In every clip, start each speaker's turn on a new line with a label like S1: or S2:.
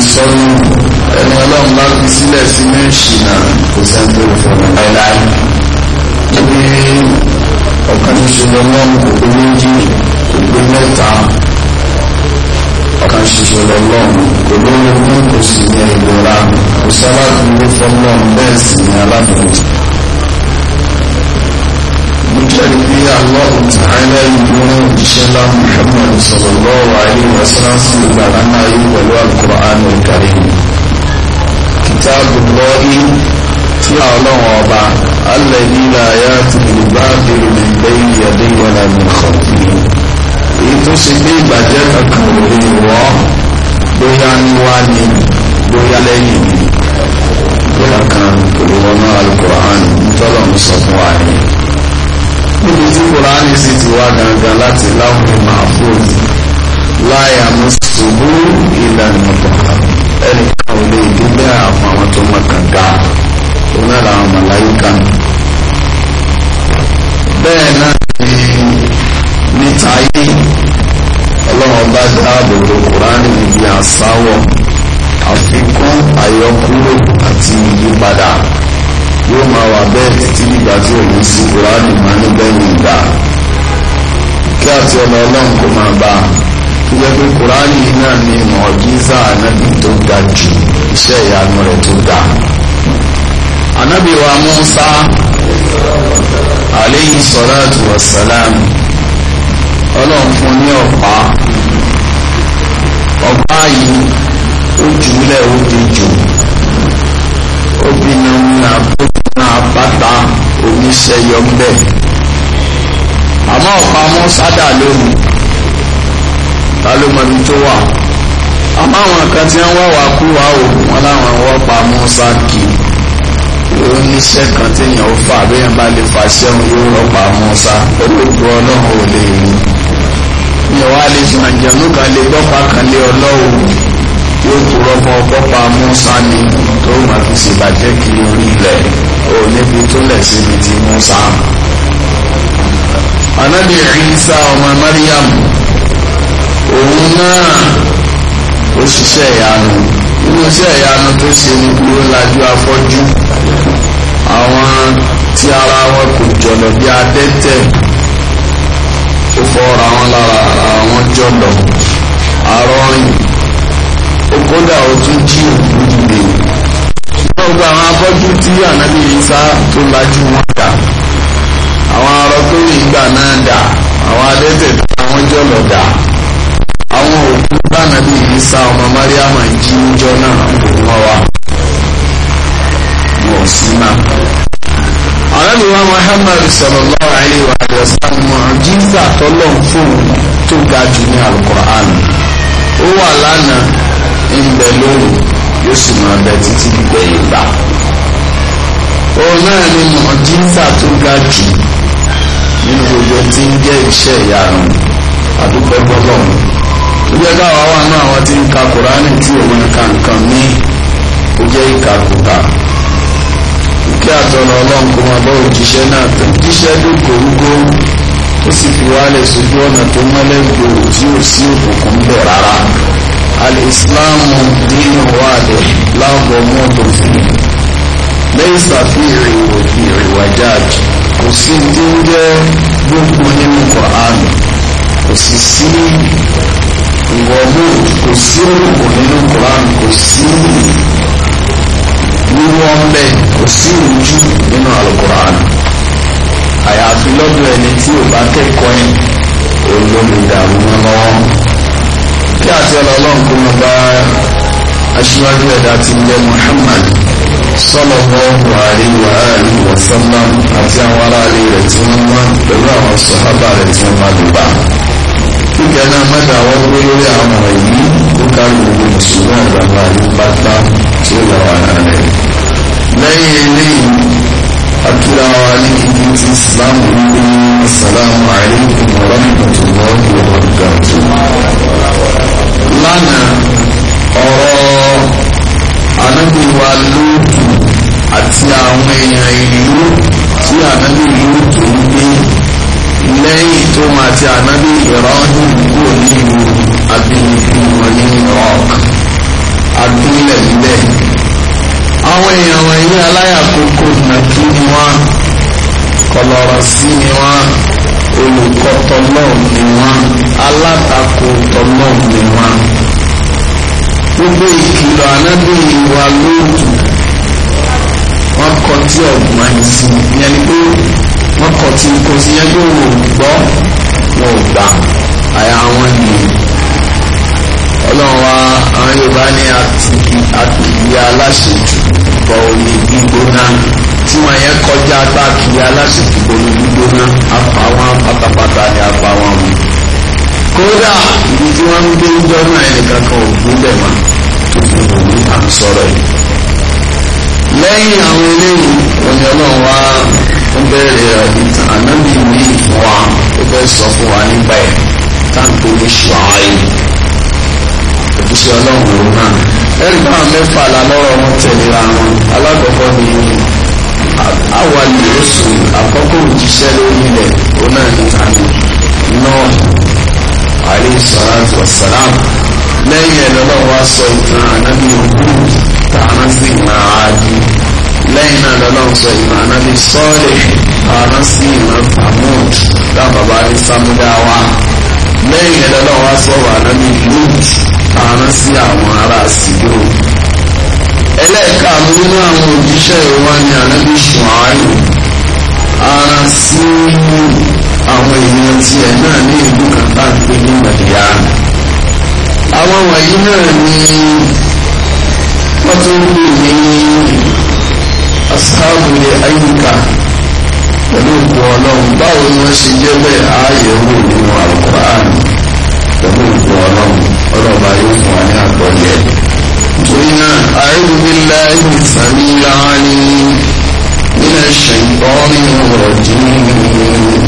S1: fi sọ́nù ẹni ọlọ́run bá fi sílẹ̀ sínú ìṣìnà kò sẹ́ni tó lè fọ̀nà láéláé níbi ọ̀kan ṣoṣo lọ́wọ́n kò pé méjì kò pé mẹ́ta ọ̀kan ṣoṣo lọ́wọ́n kò lóyún kò sì ní ìlera kò sábà tó lè fọ́nà bẹ́ẹ̀ sì ní alábòójì ẹ̀rí pé Allahu Ta'ala ìgbóná òjíṣẹ́ ńlá Muhammad sallallahu alaihi wasallam sí ìgbà náà yìí pẹ̀lú Al-Qur'anul Karim kitabullahi tí Ọlọ́run ọba alladhi la ya'tihi al-bāṭilu min bayni yadayhi wa lā min khalfihi èyí tó ṣe pé ìbàjẹ́ kankan ò lè wọ́ bóyá níwájú bóyá lẹ́yìn bóyá kan kò lè náà Al-Qur'an tọ́lọ̀ ń sọ fún wa yìí níbi tí kùránì sì ti wá gangan láti láwùjọ máa fòdì láyà mùsùlùmí ìlànà ọ̀pọ̀ ẹnìkan ò lè dúpẹ́ àwọn àwọn tó mọ kankan òun náà làwọn màláyíkà bẹ́ẹ̀ náà ni níta ayé ọlọ́run bá dáàbò bo kùránì níbi àsáwọ̀ àfikún àyọkúrò àti ìyípadà yóò máa wà bẹ́ẹ̀ títí nígbà tí òun sí kúránì máa ní bẹ́yìn ìgbà kí àti ọ̀nà ọlọ́run kò máa bá a tó jẹ́ pé kúránì náà ni mọ̀ọ́dúnzà ànábì tó ga jù iṣẹ́ ìyanu rẹ̀ tó ga. ànábì wa Mùsá aleyhi sọ́láàtù wàsálàm ọlọ́run fún ní ọ̀pá ọ̀pá yìí ó jùlẹ̀ ó dejò obìnrin ní àbójútó àpáta oníṣẹ́yọ ńbẹ̀ àmọ́ ọ̀pamọ́ sádà lónìí ta ló mọ ibi tó wà àmọ́ àwọn kan tí wọ́n wà kú wa ò wọ́n láwọn wọ́n pamọ́ sáàkì oníṣẹ́ kan téèyàn ó fà béèyàn bá lè fà sẹ́wọ̀n yóò rọ̀ pamọ́ sá olóògbé ọlọ́run ò lè rìn ìyẹn wàá àjẹmú kan lè gbọ́pá kan ọlọ́run yóò tó rọ́pọ̀ pọ́pá Musa ni tó máa fi ṣèbàjẹ́ kiri orí ilẹ̀ ò níbi tó lẹ̀ síbi ti Musa. Ànábì Ìsá ọmọ Mariam òun náà ó ṣiṣẹ́ ìyanu nínú iṣẹ́ ìyanu tó ṣe ni pé ó lajú afọ́jú àwọn tí ara wọn kò jọ̀lọ̀ bí adẹ́tẹ̀ ó fọ́ ra wọn lára ara wọn jọ̀lọ̀ arọ́rìn. kódà otu ji jí òkú dìde ṣùgbọ́n gba àwọn afọ́jú tí ànábì Ìsá tó lajú wọn dà àwọn arọ tó rí ìgbà náà Awọn àwọn adẹ́tẹ̀ tó àwọn jọ̀lọ̀ dà àwọn òkú bá ànábì Ìsá ọmọ Mariam jí ó wà lánàá ń bẹ lóhùn yóò sì máa bẹ títí gbígbẹ́ ìgbà òun náà ni mọ̀jíńsà tó ga jù nínú gbogbo tí ń jẹ́ iṣẹ́ ìyanu àdúgbò gbọ́lọ́mù ó jẹ́ káwa wà náà àwọn tí ń ka kùránì tí òun ka nǹkan ní ó jẹ́ kí àtọ̀nà òjíṣẹ́ náà tẹ̀ jíṣẹ́ ó sì fi wálẹ̀ sójú ọ̀nà tó mọ́lẹ̀ gbòòrò tí ò sí òkùnkùn bẹ̀ rárá alìsíláàmù dínú wàdẹ̀ láàbọ̀ mọ́tò fún lẹ́yìn sàfihàn ìrìwàjáàjì kò sí tí ń jẹ́ gbogbo nínú Qur'an kò sì sí ìwọ̀lú kò sí òkùnkùn nínú Qur'an kò sí wíwọ́n bẹ́ẹ̀ kò sí ìrújú nínú Al-Qur'an àyàfi lọ́dún ẹni tí ò bá kẹ́kọ̀ọ́ yẹn olómìdàrú lọ́wọ́ kí àti ọlọ́run kó mọ bá aṣíwájú ẹ̀dá ti jẹ́ Muhammad sallallahu alaihi wa alihi wa sallam àti àwọn aráàlú rẹ̀ tí wọ́n mọ́ pẹ̀lú àwọn sọ̀hábà rẹ̀ tí wọ́n máa dùbà kíkẹ́ náà mẹ́ta wọ́n gbé lórí àwọn èyí ó kárí gbogbo mùsùlùmí àgbàgbà ní pátá tí ó lọ́wọ́ ara rẹ̀ lẹ́yìn eléyìí akíra wa ní kíkí ti islam wípé asalaamu alaykum wa rahmatulahi wa barakatu. lánàá ọ̀rọ̀ anábìwá lóòtù àti àwọn èèyàn ìlú tí anábì lóòtù ń gbé lẹ́yìn tó máa ti anábì ìrọ́hìn kúrò ní ìlú abínibí wọn ní iraq abílẹ̀ níbẹ̀ àwọn èèyàn wọ̀nyí aláyàkókò nàkí ni wọ́n kọlọ̀rọ̀ sí ni wọ́n olùkọ́ tọ́lọ́ọ̀ ni wọ́n alátakò tọ́lọ́ọ̀ ni wọ́n. gbogbo ìkìlọ̀ anábì wa lóòtù wọ́n kọ tí ọ̀gbọ́n yìí sí ìyẹn pé wọ́n kọ tí kò yẹn tó wò gbọ́ wọ́n gbà àyà wọn nìyí ọlọ́run wa àwọn yorùbá ní àtìyà aláṣejù bọ̀ omi gbígbóná tí wọ́n yẹn kọjá bá àtìyà aláṣejù bọ̀ omi gbígbóná apá wọn pátápátá ni apá wọn mú. kódà ibi tí wọ́n ń gbé ìjọ náà ẹnìkan kan ò gbúdẹ̀ mọ́ tó fi wò ní à ń sọ̀rọ̀ yìí. lẹ́yìn àwọn eléyìí òní ọlọ́run ń bẹ̀rẹ̀ ìtàn ànábì ní ìfún ó fẹ́ sọ fún wa nígbà yẹn táǹkì oníṣòwò ayé ti ọlọ́run òun náà ẹ̀rí náà mẹ́fà la lọ́rọ̀ wọn tẹ̀léra wọn alákọ̀ọ́kọ́ ni awàlì oṣù àkọ́kọ́ òjíṣẹ́ lórí ilẹ̀ òun náà ní tàbí náà alayhi salatu wa salam lẹ́yìn ẹ̀ lọ́lọ́ wa sọ ìtàn ànábì òkú tààrán sí ìmọ̀ àádì lẹ́yìn náà lọ́lọ́ sọ ìmọ̀ ànábì sọ́ọ̀lẹ̀ tààrán sí ìmọ̀ tàmúd dábàbà ní sàmúdáwà lẹ́yìn ẹ̀ lọ́lọ́ wa sọ̀rọ̀ ànábì lùtù parán sí àwọn ará sídó ẹlẹ́ẹ̀kaàrún nínú àwọn òjíṣẹ́ ìwá ni ànábì ṣùáyò ara sí àwọn èèyàn tiẹ̀ náà ní ìlú kan bá ní mẹ̀lẹ́yà àwọn wọ̀nyí náà ni wọ́n tún ń pè ní asáàbù ayíká pẹ̀lú òkú ọlọ́run báwo ni wọ́n ṣe jẹ́ bẹ́ẹ̀ ààyè owó nínú àlùkò pẹ̀lú ìfún ọlọ́run ọlọ́ba yóò fún wa ní àpọ̀lẹ̀ ẹ̀. nítorí náà àìlú nílá ẹ̀sìn sàmì láàrin nílẹ̀ ṣèǹtọ́ nínú ọ̀rọ̀ dín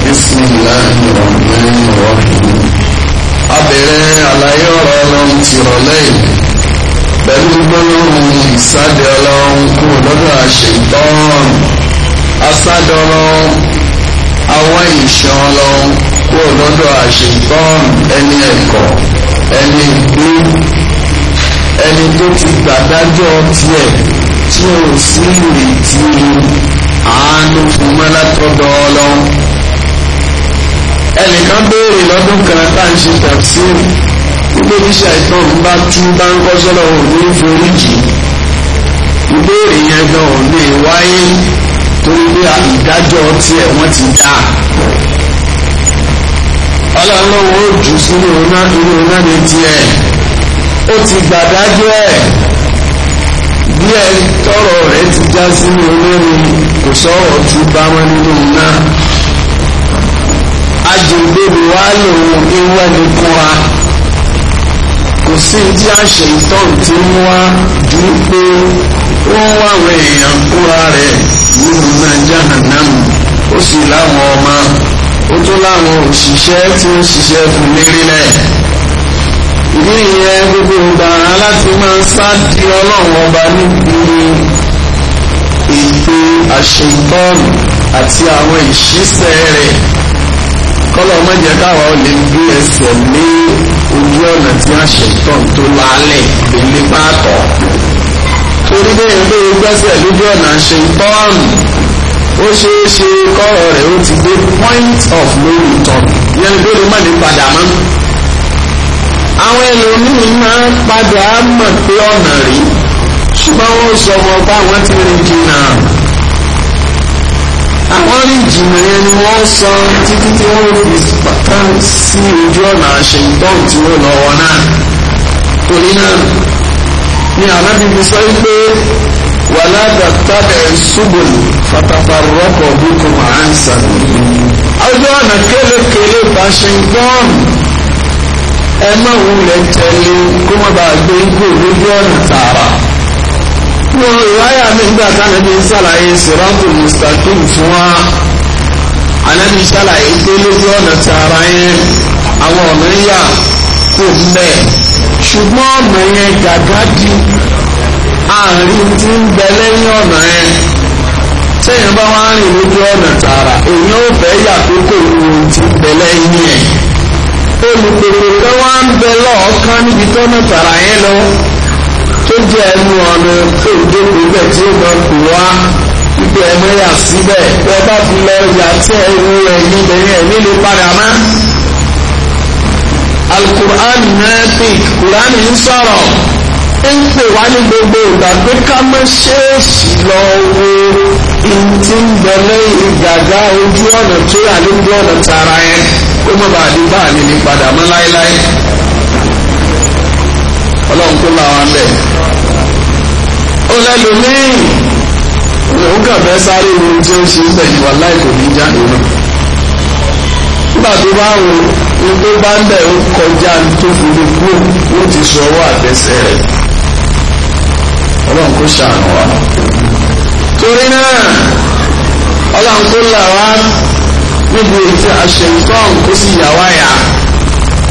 S1: bísí láàrin ọ̀gbìn ọ̀rọ̀ abẹ̀rẹ̀ àlàyé ọ̀rọ̀ ọlọ́run ti rọ̀lẹ́ yìí pẹ̀lú gbólóhùn ìsáde ọlọ́run kúrò lọ́dọ̀ àṣetán asádọ́rọ̀ àwọn ìṣàn ọlọ́run kó lọ́dọ̀ àṣetán ẹni ẹ̀kọ́ ẹni ìgbé ẹni tó ti gbàdájọ́ tiẹ̀ tí ò sí ìrètí àánú fún mẹ́lẹ́tọ́dọ̀ ọlọ́run ẹnìkan béèrè lọ́dún kan tá à ń ṣe tafsir wípé bí ṣàìtàn bá tú bá ń kọ́ sọ́dọ̀ òun ní foríjì ìbéèrè yẹn gan ò lè wáyé torí pé ìdájọ́ tiẹ̀ wọ́n ti dá ọlọ́run ó jù sínú iná inú iná ní tiẹ̀ ó ti gbàdájọ́ ẹ̀ díẹ̀ tọrọ rẹ̀ ti já sínú iná ni kò sọ̀rọ̀ ju bá wọn nínú iná agbègbè wa lòun ewé ni wa kò sí ìdí àṣẹ ìtọ́n tí ń wá ju pé ó ń wá àwọn èèyàn kúra rẹ̀ nínú nàìjíríà náà ó sì láwọn ọmọ ó tún láwọn òṣìṣẹ́ tí ó ṣiṣẹ́ fún lérílẹ̀ ìdí ìyẹn gbogbo ìgbàrá láti máa sá di ọlọ́run ọba níbi ètò àṣetọ́ọ̀nù àti àwọn ìṣísẹ́ rẹ̀ kọ́lọ̀ má jẹ́ káwọn lè gbé ẹsẹ̀ lé ojú ọ̀nà tí àṣetọ́ọ̀nù tó lálẹ̀ gbélé pàtó torí bẹ́ẹ̀ ń gbé gbẹ́sẹ̀ lójú ọ̀nà àṣetọ́ọ̀nù ó ṣeé ṣe kọ́rọ̀ rẹ̀ ó ti dé point of no return yẹn ló lè má ní padà mọ́. àwọn ẹlòmíín máa ń padà mọ̀ pé ọ̀nà rí ṣùgbọ́n wọ́n sọ ọmọ ọba àwọn ti rìn jìnnà àwọn rí jìnnà yẹn ni wọ́n sọ títí tí wọ́n fi pàtà sí ojú ọ̀nà àṣẹ ìdán tí wọ́n lọ́wọ́ náà torí náà ni àlábìbí sọ pé wàlá dàtàdà ṣubùl fatafarọ́kọ̀ bíkùn àǹsà ọjọ́ ọ̀nà kélekèlé Washington ẹ má wulẹ̀ tẹ̀lé kó má bàa gbé igbó lójú ọ̀nà tààrà mo ìwáyà nígbà táwọn ẹbí ń ṣàlàyé siratu mustaqim fún wa ànábi ṣàlàyé pé lójú ọ̀nà tààrà yẹn àwọn ọ̀nà yà kò mbẹ́ ṣùgbọ́n ọ̀nà yẹn gàgá di àárín tí ń bẹ lẹ́yìn ọ̀nà ẹ̀ sẹ́yìn bá wá rìn lójú ọ̀nà tààrà èyí ò fẹ́ yàkókò ohun tí ń bẹ lẹ́yìn ẹ̀ olùpèpè kan wá ń bẹ lọ́ọ̀kan níbi tọ́nà tààrà yẹn lọ tó jẹ́ ẹnu ọ̀nà tó dókòó bẹ̀ tí ó mọ̀ kó wá ibi ẹ̀mọ́ yà síbẹ̀ bẹ́ẹ̀ bá fi lọ yà tí ẹ̀rù ẹ̀yìn lẹ́yìn ẹ̀mí lè padà alukur'an náà kur'an ń sọ̀rọ̀ ń pè wá ní gbogbo ìgbà pé ká má ṣèèṣì lọ wo ohun tí ń bẹ lẹ́yìn gàgá ojú ọ̀nà tó yà lójú ọ̀nà tààrà yẹn kó má bàa di bá àlè ní padà mọ́ láéláé ọlọ́run kó làwọn abẹ́ ó lẹ́lòmíì òun kàn fẹ́ sáré ohun tí ó ń ṣe ń bẹ̀ ní jáde náà nígbà tó bá wò ó tó bá ń bẹ̀ ó kọjá tó fi lè kúrò ó ti sọ ọwọ́ àtẹsẹ̀ rẹ̀ ọlọ́run kò ṣàánú wa torí náà ọlọ́run kò là wá níbi ètò àṣetán kó sì yà wá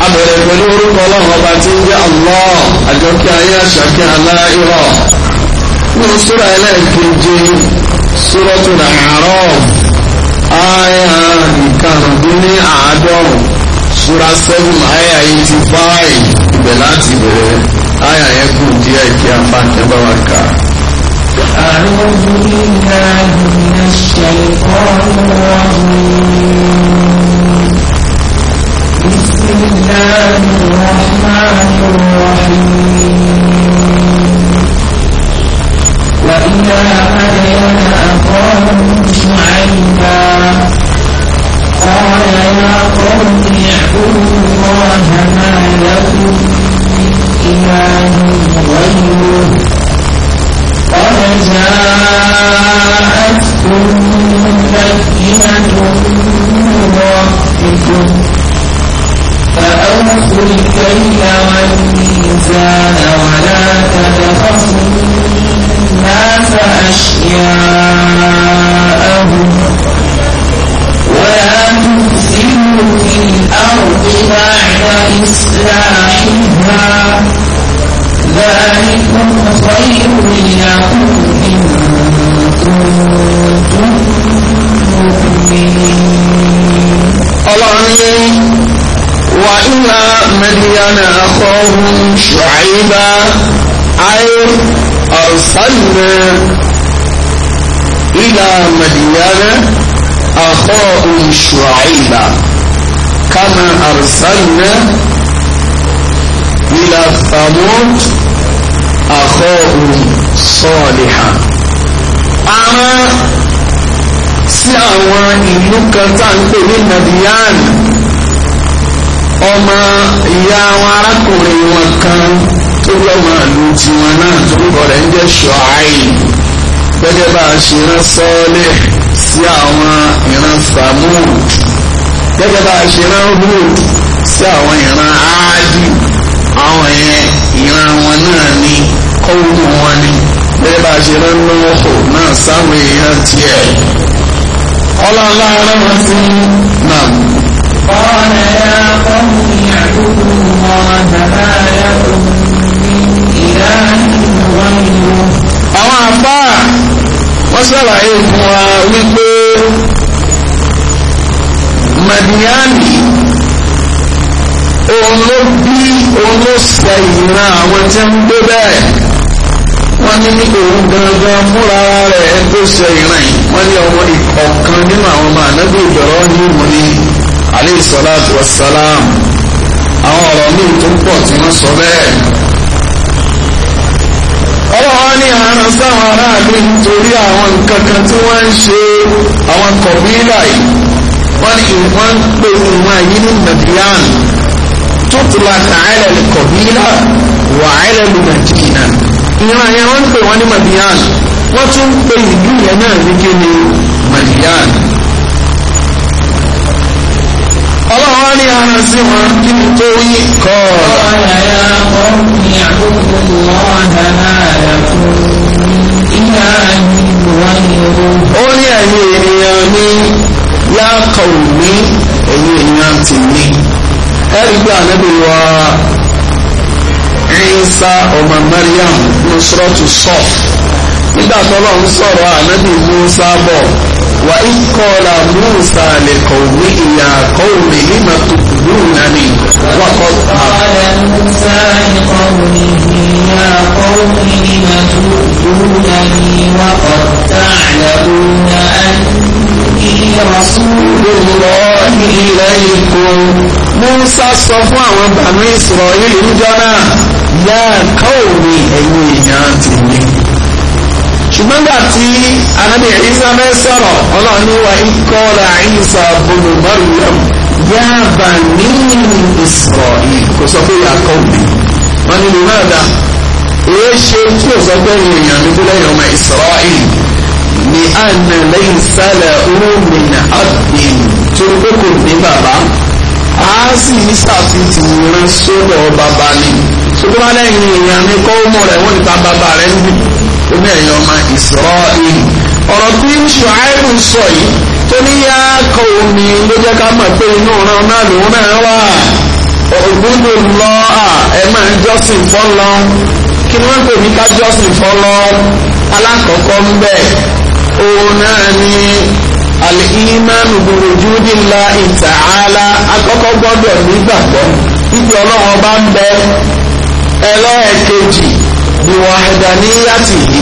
S1: abẹ̀rẹ̀ pẹ̀lú orúkọ ọlọ́run ọba tí ń jẹ́ Allah àjọkí ayé àṣàkí aláìrọ̀ nínú súra ẹlẹ́ẹ̀keje Suratul A'raf àyà ìkarùndínní àádọ́rùn súra seven àyà eighty five ibẹ̀ láti bẹ̀rẹ̀. Aya yẹn kù díẹ̀ kí a bá tẹ́ bá wa kà. أعوذ بالله من الشيطان الرجيم بسم الله الرحمن الرحيم وإلى مدين
S2: أخاهم شعيبا قال يا قوم اعبدوا الله ما لكم من إله غيره قد جاءتكم بينة من ربكم
S1: فأوفوا الكيل والميزان ولا تبخسوا الناس
S2: أشياءهم ولا تفسدوا
S1: في الأرض بعد إصلاحها ذلكم خير لكم إن كنتم مؤمنين الله نعم. وإلى مدين أخاهم شعيبا أي أرسلنا إلى مدينة أخاهم شعيبا كما أرسلنا إلى ثمود أخاهم صالحا أما sí àwọn ìlú kan tá à ń pè ní nàbíyàn ọmọ ìyá àwọn arákùnrin wọn kan tó lọ́mọ àlù tiwọn náà tó ń bọ̀ rẹ̀ ń jẹ́ ṣọ́ọ́ì gẹ́gẹ́ bá a ṣe rán sọ́ọ́lẹ̀ sí àwọn ìran samud gẹ́gẹ́ bá a ṣe rán hood sí àwọn ìran áádì àwọn yẹn ìran wọn náà ni kọ́wọ́mù wọn ni gẹ́gẹ́ bá a ṣe rán lọ́wọ́ náà sáwọn èèyàn tiẹ̀ ọlọ́lá ọlọ́run sí nam. قال يا قوم اعبدوا الله ما لكم من إله غيره àwọn àfáà wọ́n ṣàlàyé fún wa wípé madiani òun ló bí òun ló sẹ ìran àwọn tí ń gbé bẹ́ẹ̀ wọ́n ní ní òun gangan fúnra rẹ̀ ló sẹ ìran yìí wọ́n ní ọmọ ọ̀kan nínú àwọn ọmọ ànábì ìbẹ̀rọ ní ìmọ̀ ní aleyhi salatu wa salam àwọn ọ̀rọ̀ míì tó pọ̀ tí wọ́n sọ bẹ́ẹ̀ ọlọ́wọ́ ní àárín sáwọn aráàlú nítorí àwọn nǹkan kan tí wọ́n ń ṣe àwọn kọ̀bílà yìí wọ́n ní wọ́n ń pè ìwọ̀n yìí ní madian tó tura kàáyà kọ̀bílà wàhálà lu madina ìran yẹn wọ́n ń pè wọ́n ní madian wọ́n tún ń pè ìlú yẹn náà ní kíni madian. ọlọ́wọ́ ní ara sí wọn kí ni tó yí kọ́ ọ. ọ̀rọ̀ ya ọ̀ àkókò lọ́ọ̀dà náà rẹ̀ fún ìyá àyè ìwọ̀nyí. ó ní ẹ̀yin ènìyàn ní yáàkà òní ẹ̀yìn èèyàn ti ní ẹ̀rí gbé ànábì wa Ìsá ọmọ Maryam ní sọ́ọ̀tù nígbà tọ́lọ̀ ń sọ̀rọ̀ ànábì Musa bọ̀ wà í kọ́lá Musa lè kọ̀wé ìyá kọ́wé lima tó kùdú nani wákọ́. kọ́lá Musa lè kọ̀wé ìyá kọ́wé lima tó kùdú nani wákọ́ tààlàbùnà àti rasulillah ilaykum. Musa sọ fún àwọn bàmí Israeli níjọ́ náà yá kọ́wé ẹ̀yin èèyàn tèmi ṣùgbọ́n gbà tí anabi Isa bẹ́ sọ̀rọ̀ ọlọ́run ní wa ikọ́ra Isa bùnú Maryam yáàbà ní Israel kò sọ pé yàtọ̀ mi wọn ni lùmọ́ ẹ̀dá èyí ṣe tí o sọ pé èèyàn mi gbọ́dọ̀ yọ̀ ọmọ Israel ní àná lẹ́yìn sálẹ̀ ọ̀hún abdin tó kókò ní bàbá a sì ní sàfihàn ìran sódò bàbá ni ṣùgbọ́n lẹ́yìn èèyàn mi kọ́ ọmọ rẹ̀ wọ́n ní ta bàbá rẹ̀ ń omi ẹ̀yìn ọmọ Ísírẹ́lì ọ̀rọ̀ tí ṣùháìbù sọ yìí tó ní yá kọ omi ló jẹ́ ká mọ̀ pé inú ọ̀ràn náà lòun náà wà ògbóndò lọ à ẹ máa ń jọ́sìn fọ́lọ́ kí ni wọ́n pè ní ká jọ́sìn fọ́lọ́ alákọ̀ọ́kọ́ ń bẹ̀ òun náà ni alìhímánù bìròjúdì ńlá ìtàhálà akọ́kọ́ gbọ́dọ̀ nígbàgbọ́ ibi ọlọ́run ọba ń bẹ ẹlẹ́ẹ̀kejì biwahdaniyatihi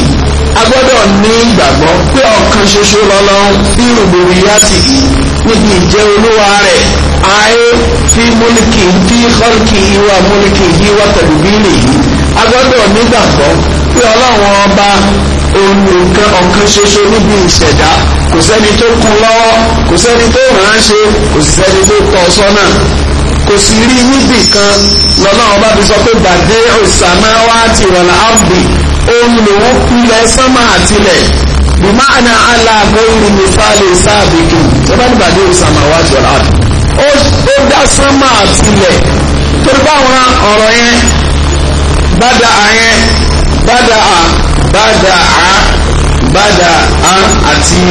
S1: a gbọ́dọ̀ ní ìgbàgbọ́ pé ọ̀kan ṣoṣo lọ́lọ́run bí rububiyatihi níbi ìjẹ́ olúwa rẹ̀ ayé fi múlìkì bí kọ́lìkì ìwà múlìkì ìwà tẹ̀lifíìnì yìí a gbọ́dọ̀ nígbàgbọ́ pé ọlọ́run ọba nǹkan ọ̀kan ṣoṣo níbi ìṣẹ̀dá kò sẹ́ni tó kún lọ́wọ́ kò sẹ́ni tó ránṣẹ́ kò sẹ́ni tó tọ́ sọ́nà kò sì rí níbì kan lọ́nà ọba fi sọ pé gbàdé ìsàmáwá ti wà láàbì òun lòun pilẹ̀ sánmà àtìlẹ̀ bùmá àná aláàbọ̀ ìrìnnìfàlẹ̀ sáàbìkì ìjọba ní gbàdé ìsàmáwá ti wà láàbì. ó dá sánmà àtìlẹ̀ torí báwọn ọ̀rọ̀ yẹn bàdà àyẹn bàdà à bàdà à bàdà à àti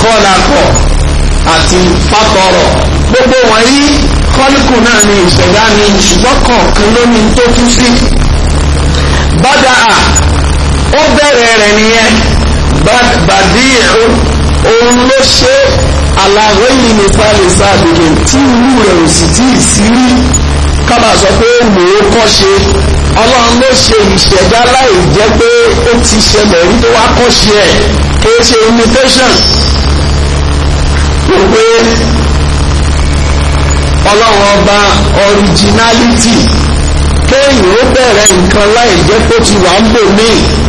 S1: kọ́lá kọ̀ àti pátọ̀rọ̀ gbogbo wọ̀nyí kọ́líkù náà ni ìṣẹ̀dá ni ṣùgbọ́n kọ̀ọ̀kan ló ní tó tú sí. bàdà à ó bẹ̀rẹ̀ rẹ̀ nìyẹn bàdí òun ló ṣe àlàyé yìí ní sáàlì sáàbìlì tí ìlú rẹ̀ ò sì tí ì sí rí kábà sọ pé mò ó kọ́ ṣe ọlọ́run ló ṣe ìṣẹ̀dá láì jẹ́ pé ó ti ṣẹlẹ̀ rí tó wá kọ́ ṣe ẹ̀ kì ṣe imitation. pé ọlọ́run ọba ọ̀ríjínálítì kéèyàn ó bẹ̀rẹ̀ nǹkan láì jẹ́ kó ti wà ń bò mí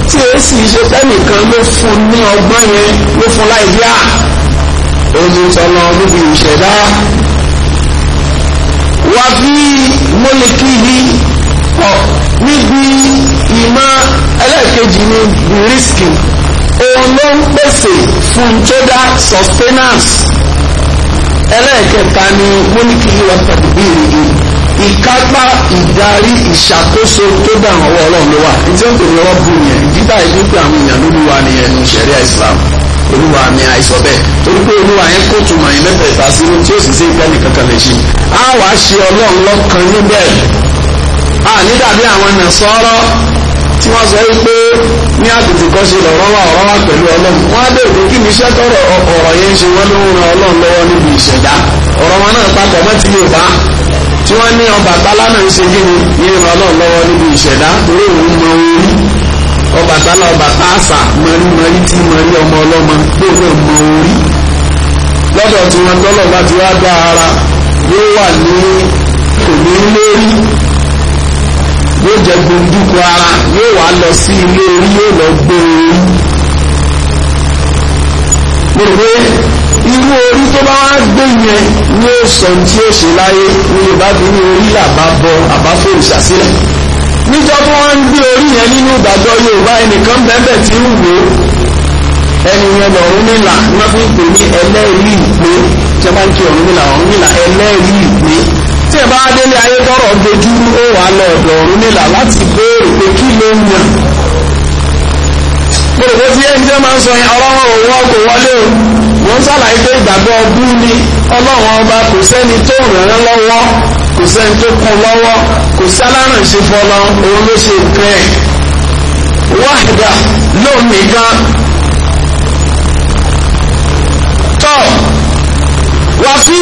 S1: tí èé sì ṣe tẹ́nìkan ló fún ní ọgbọ́n yẹn ló fún láì bí à omi tọ́lọ níbi ìṣẹ̀dá wà bí mólekìlì ọ̀ níbi ìmọ̀ ẹlẹ́ẹ̀kejì ní bírísìkì òun ló ń pèsè fún jọ́dá sustenance ẹlẹ́ẹ̀kẹta ni múlíkì wà tàbí ìrìgì ìkápá ìdarí ìṣàkóso tó dà wọ́n wọ́ ọlọ́run ló wà nítorí pé ní rọ́bù yẹn dídá ìlú pé àwọn èèyàn lóluwà nìyẹn ní sẹ̀ríà Islam olúwa ni àìsàn bẹ́ẹ̀ torí pé olúwa yẹn kó tuma yẹn mẹ́tẹ̀ẹ̀ta sínú tí ó sì ṣe ìfẹ́ni kankan lè ṣe á wàá ṣe ọlọ́run lọ́kàn níbẹ̀ à nígbà bí àwọn nà sọ́rọ́ tí wọ́n sọ wípé ní àtètè kan ṣe lọ́rọ́ wà ọ̀rọ̀ wà pẹ̀lú ọlọ́run wọ́n á bèèrè kí ni iṣẹ́ tọrọ ọ̀rọ̀ yẹn ń ṣe wọ́n ló ń ran ọlọ́run lọ́wọ́ níbi ìṣẹ̀dá ọ̀rọ̀ wọn náà papọ̀ mọ́ ti Yorùbá tí wọ́n ní Ọbàtálá náà ń ṣe kí ni ń ran ọlọ́run lọ́wọ́ níbi ìṣẹ̀dá torí òun mọ orí Ọbàtálá ọba táàsà mọ̀rí mọ̀rí tí mọ̀rí ọmọ ọlọ́mọ lọ́dọ̀ tí wọ́n tọ́lọ̀ yóò jẹ gbòǹdùkú ara yóò wá lọ sí ilé orí yóò lọ gbé orí gbogbo irú orí tó bá wá gbé yẹn ní ó sọ tí ó ṣe láyé ní ìbádùn ní orí làbá bọ àbáfò ìṣàsílẹ̀ níjọ́ tó wá ń gbé orí yẹn nínú ìgbàgbọ́ Yorùbá ẹnìkan bẹ́ẹ̀ tí ń wò ẹni yẹn lọ́rùn nílà wọ́n fi ń pè ní ẹlẹ́rìí ìpè tí wọ́n bá ń kí ọ̀run nílà ọ̀run nílà ẹlẹ́rìí ìpè tí ẹ̀ bá délé ayé tọrọ gbojú ó wà lọ lọ́rùn nílà láti béèrè pé kí ló ń yàn gbogbo tí ẹni tí wọ́n máa ń sọ yẹn ọlọ́run òun ọkọ̀ wọlé o wọ́n sàlàyé pé ìgbàgbọ́ ọbú ni ọlọ́run ọba kò sẹ́ni tó ràn án lọ́wọ́ kò sẹ́ni tó kún lọ́wọ́ kò sí alárànṣe fọlọ òun ló ṣe nǹkan ẹ̀ wáhìdà lóun nìkan tọ́ wàá fi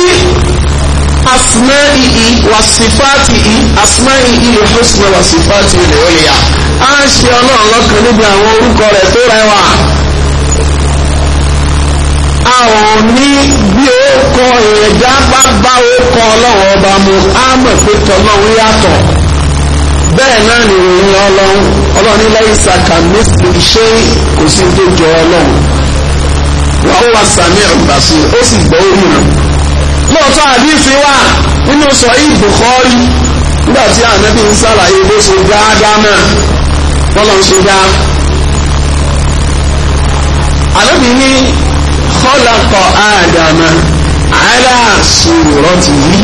S1: asma'ihi wa sifatihi asma'ihi al-husna wa sifatihi al-ulya a ń ṣe ọlọ́run lọ́kàn níbi àwọn orúkọ rẹ̀ tó rẹwà a ò ní bí ó kọ ìrẹ̀já bá bá ó kọ ọlọ́run ọba mu á mọ̀ pé tọ́lọ́run yàtọ̀ bẹ́ẹ̀ náà ni ìròyìn ọlọ́run ọlọ́run ní lẹ́yìn sàkà mẹ́sì ṣé kò sí tó jọ ọlọ́run wàá wà sàmì àgbàsí ó sì gbọ́ òmìnira lóòótọ́ àdìsí wà nínú sọ ìbùkọ́rí nígbà tí ànábì ń sàlàyé bó ṣe dá dáná bọ́lá ń ṣe dá. ànábì ní kọ́lákọ̀ àdàmà aláṣùrọ̀ tì yí.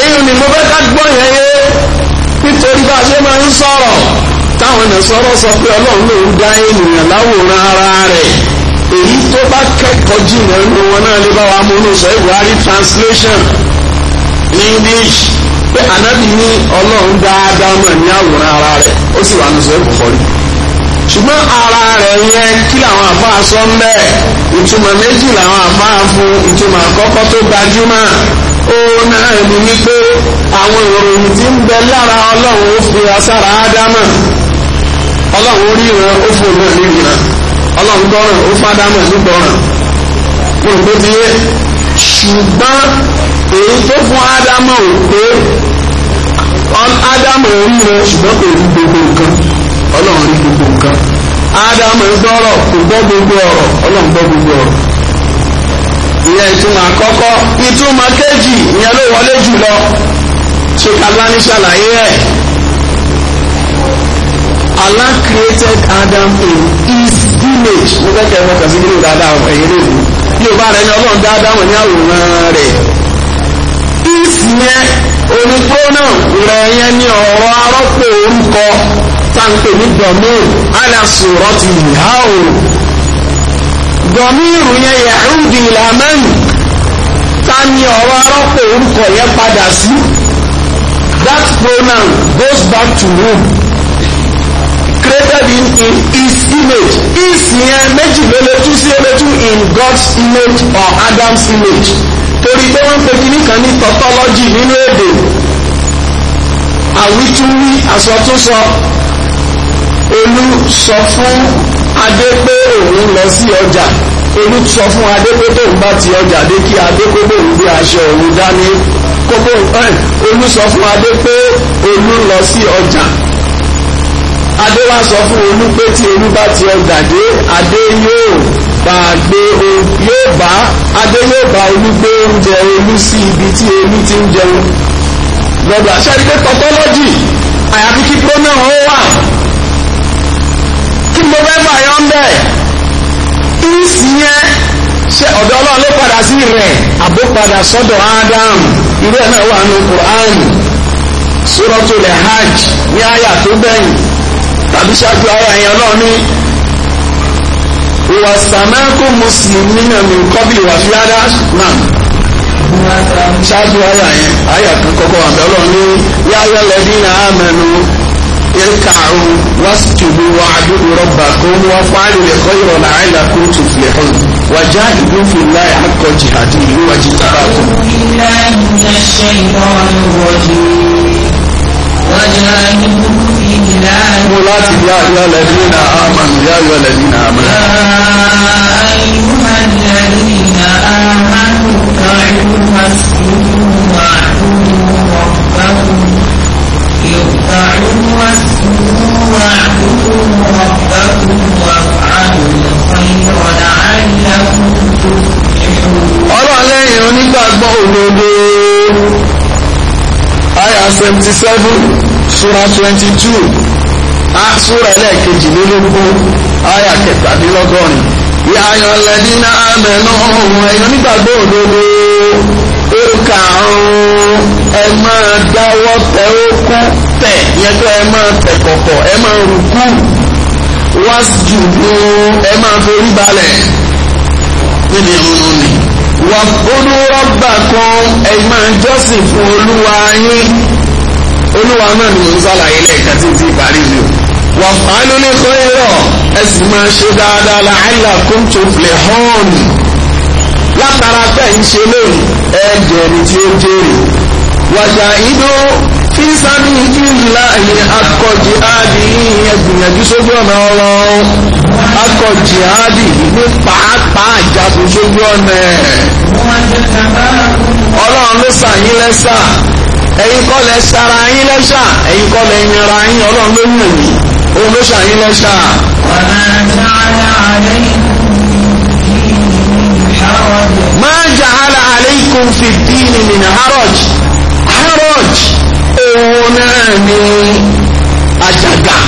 S1: èyí ni mo fẹ́ ká gbọ́ yẹn yé nítorí bá a ṣe máa ń sọ̀rọ̀ táwọn ẹ̀sọ́rọ̀ sọ pé ọlọ́run lòún dá ènìyàn láwòrán ara rẹ̀. èyí tó bá kẹ́kọ̀ọ́ jìnnà nínú wọn náà lè bá wa mú ní sọ translation ní english pé ànábì ní ọlọ́run dáadáa mọ̀ ní ara rẹ̀ ó sì wà ní sọ ṣùgbọ́n ara rẹ̀ yẹn kí làwọn àfáà sọ ń bẹ́ẹ̀ ìtumọ̀ méjì làwọn àfáà fún ìtumọ̀ àkọ́kọ́ tó gbajúmọ̀ ó náà ní wípé àwọn ìròyìn tí ń bẹ lára ọlọ́run ó fi asára ọlọ́run ọlọ́run gbọ́ràn ó fádámọ̀ ní gbọ́ràn fún òpó ti yé ṣùgbọ́n èyí tó fún ádámọ̀ ò pé ádámọ̀ orí rẹ ṣùgbọ́n kò rí gbogbo nǹkan ọlọ́run rí gbogbo nǹkan ádámọ̀ gbọ́rọ̀ kò gbọ́ gbogbo ọ̀rọ̀ ọlọ́run gbọ́ gbogbo ọ̀rọ̀ ìyẹn ìtumọ̀ àkọ́kọ́ ìtumọ̀ kejì ìyẹn ló wọlé jùlọ ṣe kàlání ṣàlàyé ẹ̀. Allah created Adam in his image mo fẹ́ kẹ́ ẹ mọ̀tàn sí nínú dáadáa ẹ̀yìn lè mú bí o bá rẹ ní ọlọ́run dáadáa wọn ní àwòrán rẹ̀ if yẹn oní pronoun rẹ̀ yẹn ní ọ̀rọ̀ arọ́pò orúkọ táǹpé ní gbọ̀mù aláṣọ̀rọ̀ ti yá o gbọ̀mù ìrù yẹn yàrúdì ìlàmẹ́nu ta ni ọ̀rọ̀ arọ́pò orúkọ yẹn padà sí that pronoun goes back to whom created him in his image his yẹn méjì ló lè tú sí ó lè in God's image or Adam's image torí pé wọ́n pe kíní kan ní tautology nínú èdè àwítúwí àsọtúnsọ Olú sọ fún Adé pé òun lọ sí ọjà Olú sọ fún Adé pé tóun bá ti ọjà dé kí Adé kó bóun gbé aṣọ òun dání kó bóun fún Adé pé Olú lọ sí ọjà adé wá sọ fún olú pé tí olú bá ti ọjà dé adé yóò bá gbé yóò bá adé yóò bá olú gbé oúnjẹ olú sí ibi tí olú ti ń jẹun lọ́dọ̀ àṣẹ́rí pé tọ́tọ́lọ́jì àyàfi kí pronoun ó wà kí mo fẹ́ fà yọ ń bẹ̀ ìsì yẹn ṣe ọ̀dọ̀ ọlọ́run ló padà sí rẹ̀ àbó padà sọ́dọ̀ Ádámù irú náà wà nínú Kùránì Suratul Hajj ní àyà tó bẹ̀yìn àbí ṣáájú ara yẹn ọlọ́run ní wà sàmákò mùsùlùmí náà ní kọ́bí wà fíládà náà ṣáájú ara yẹn àyà kan kọ́kọ́ wà bẹ́ẹ̀ ọlọ́run ní yáyọ́ lẹ́bí náà àmẹ́nu irka'u wasjudu wa'budu rabbakum wa fa'alu al-khayra la'allakum tuflihun wajahidu fillahi haqqa jihadihi wajtabakum billahi minash shaitanir rajim وجاهدوا في الله. يا أيها الذين آمنوا يا أيها الذين آمنوا. twenty seven sura twenty two sura ẹlẹ́ẹ̀kejì lélógún àyà kẹtàdínlọ́gọ́rin ya ayyuhalladhina amanu ẹ̀yọ́ nígbàgbọ́ òdodo orúkà ọ̀hún ẹ máa dáwọ́ tẹ ókú tẹ̀ yẹn tó ẹ máa tẹ̀ kọ̀kọ̀ ẹ máa rúkú wasjudu ẹ máa forí balẹ̀ níbi ìrun ni wa'budu rabbakum ẹ máa jọ́sìn fún olúwa yín olúwa náà ni mò ń sàlàyé lẹ́ẹ̀kan tí ti parí mi o wà fàánù ní kọ́ńrọ̀ ẹ sì máa ṣe dáadáa làálà kún tó filẹ̀ hàn látara pẹ́ ń ṣe lóyún ẹ jẹ́ ẹni tí ó jèrè wàjà ìdó fi sábì ìdílá akọ̀jì áàdì yìí ẹgbìyànjú sójú ọ̀nà ọlọ́run akọ̀jì áàdì ní pàápàá àjàkú sójú ọ̀nà ẹ̀ ọlọ́run ló sàyín lẹ́sà ẹ̀yin kọ́ lẹ sara yín lẹ́ṣà ẹ̀yin kọ́ lẹ yanra yín ọlọ́run ló ń yàn yín òun ló ṣàyín lẹ́ṣà. ma ja'ala alaykum fi ddini min haraj haraj òun náà ni àjàgà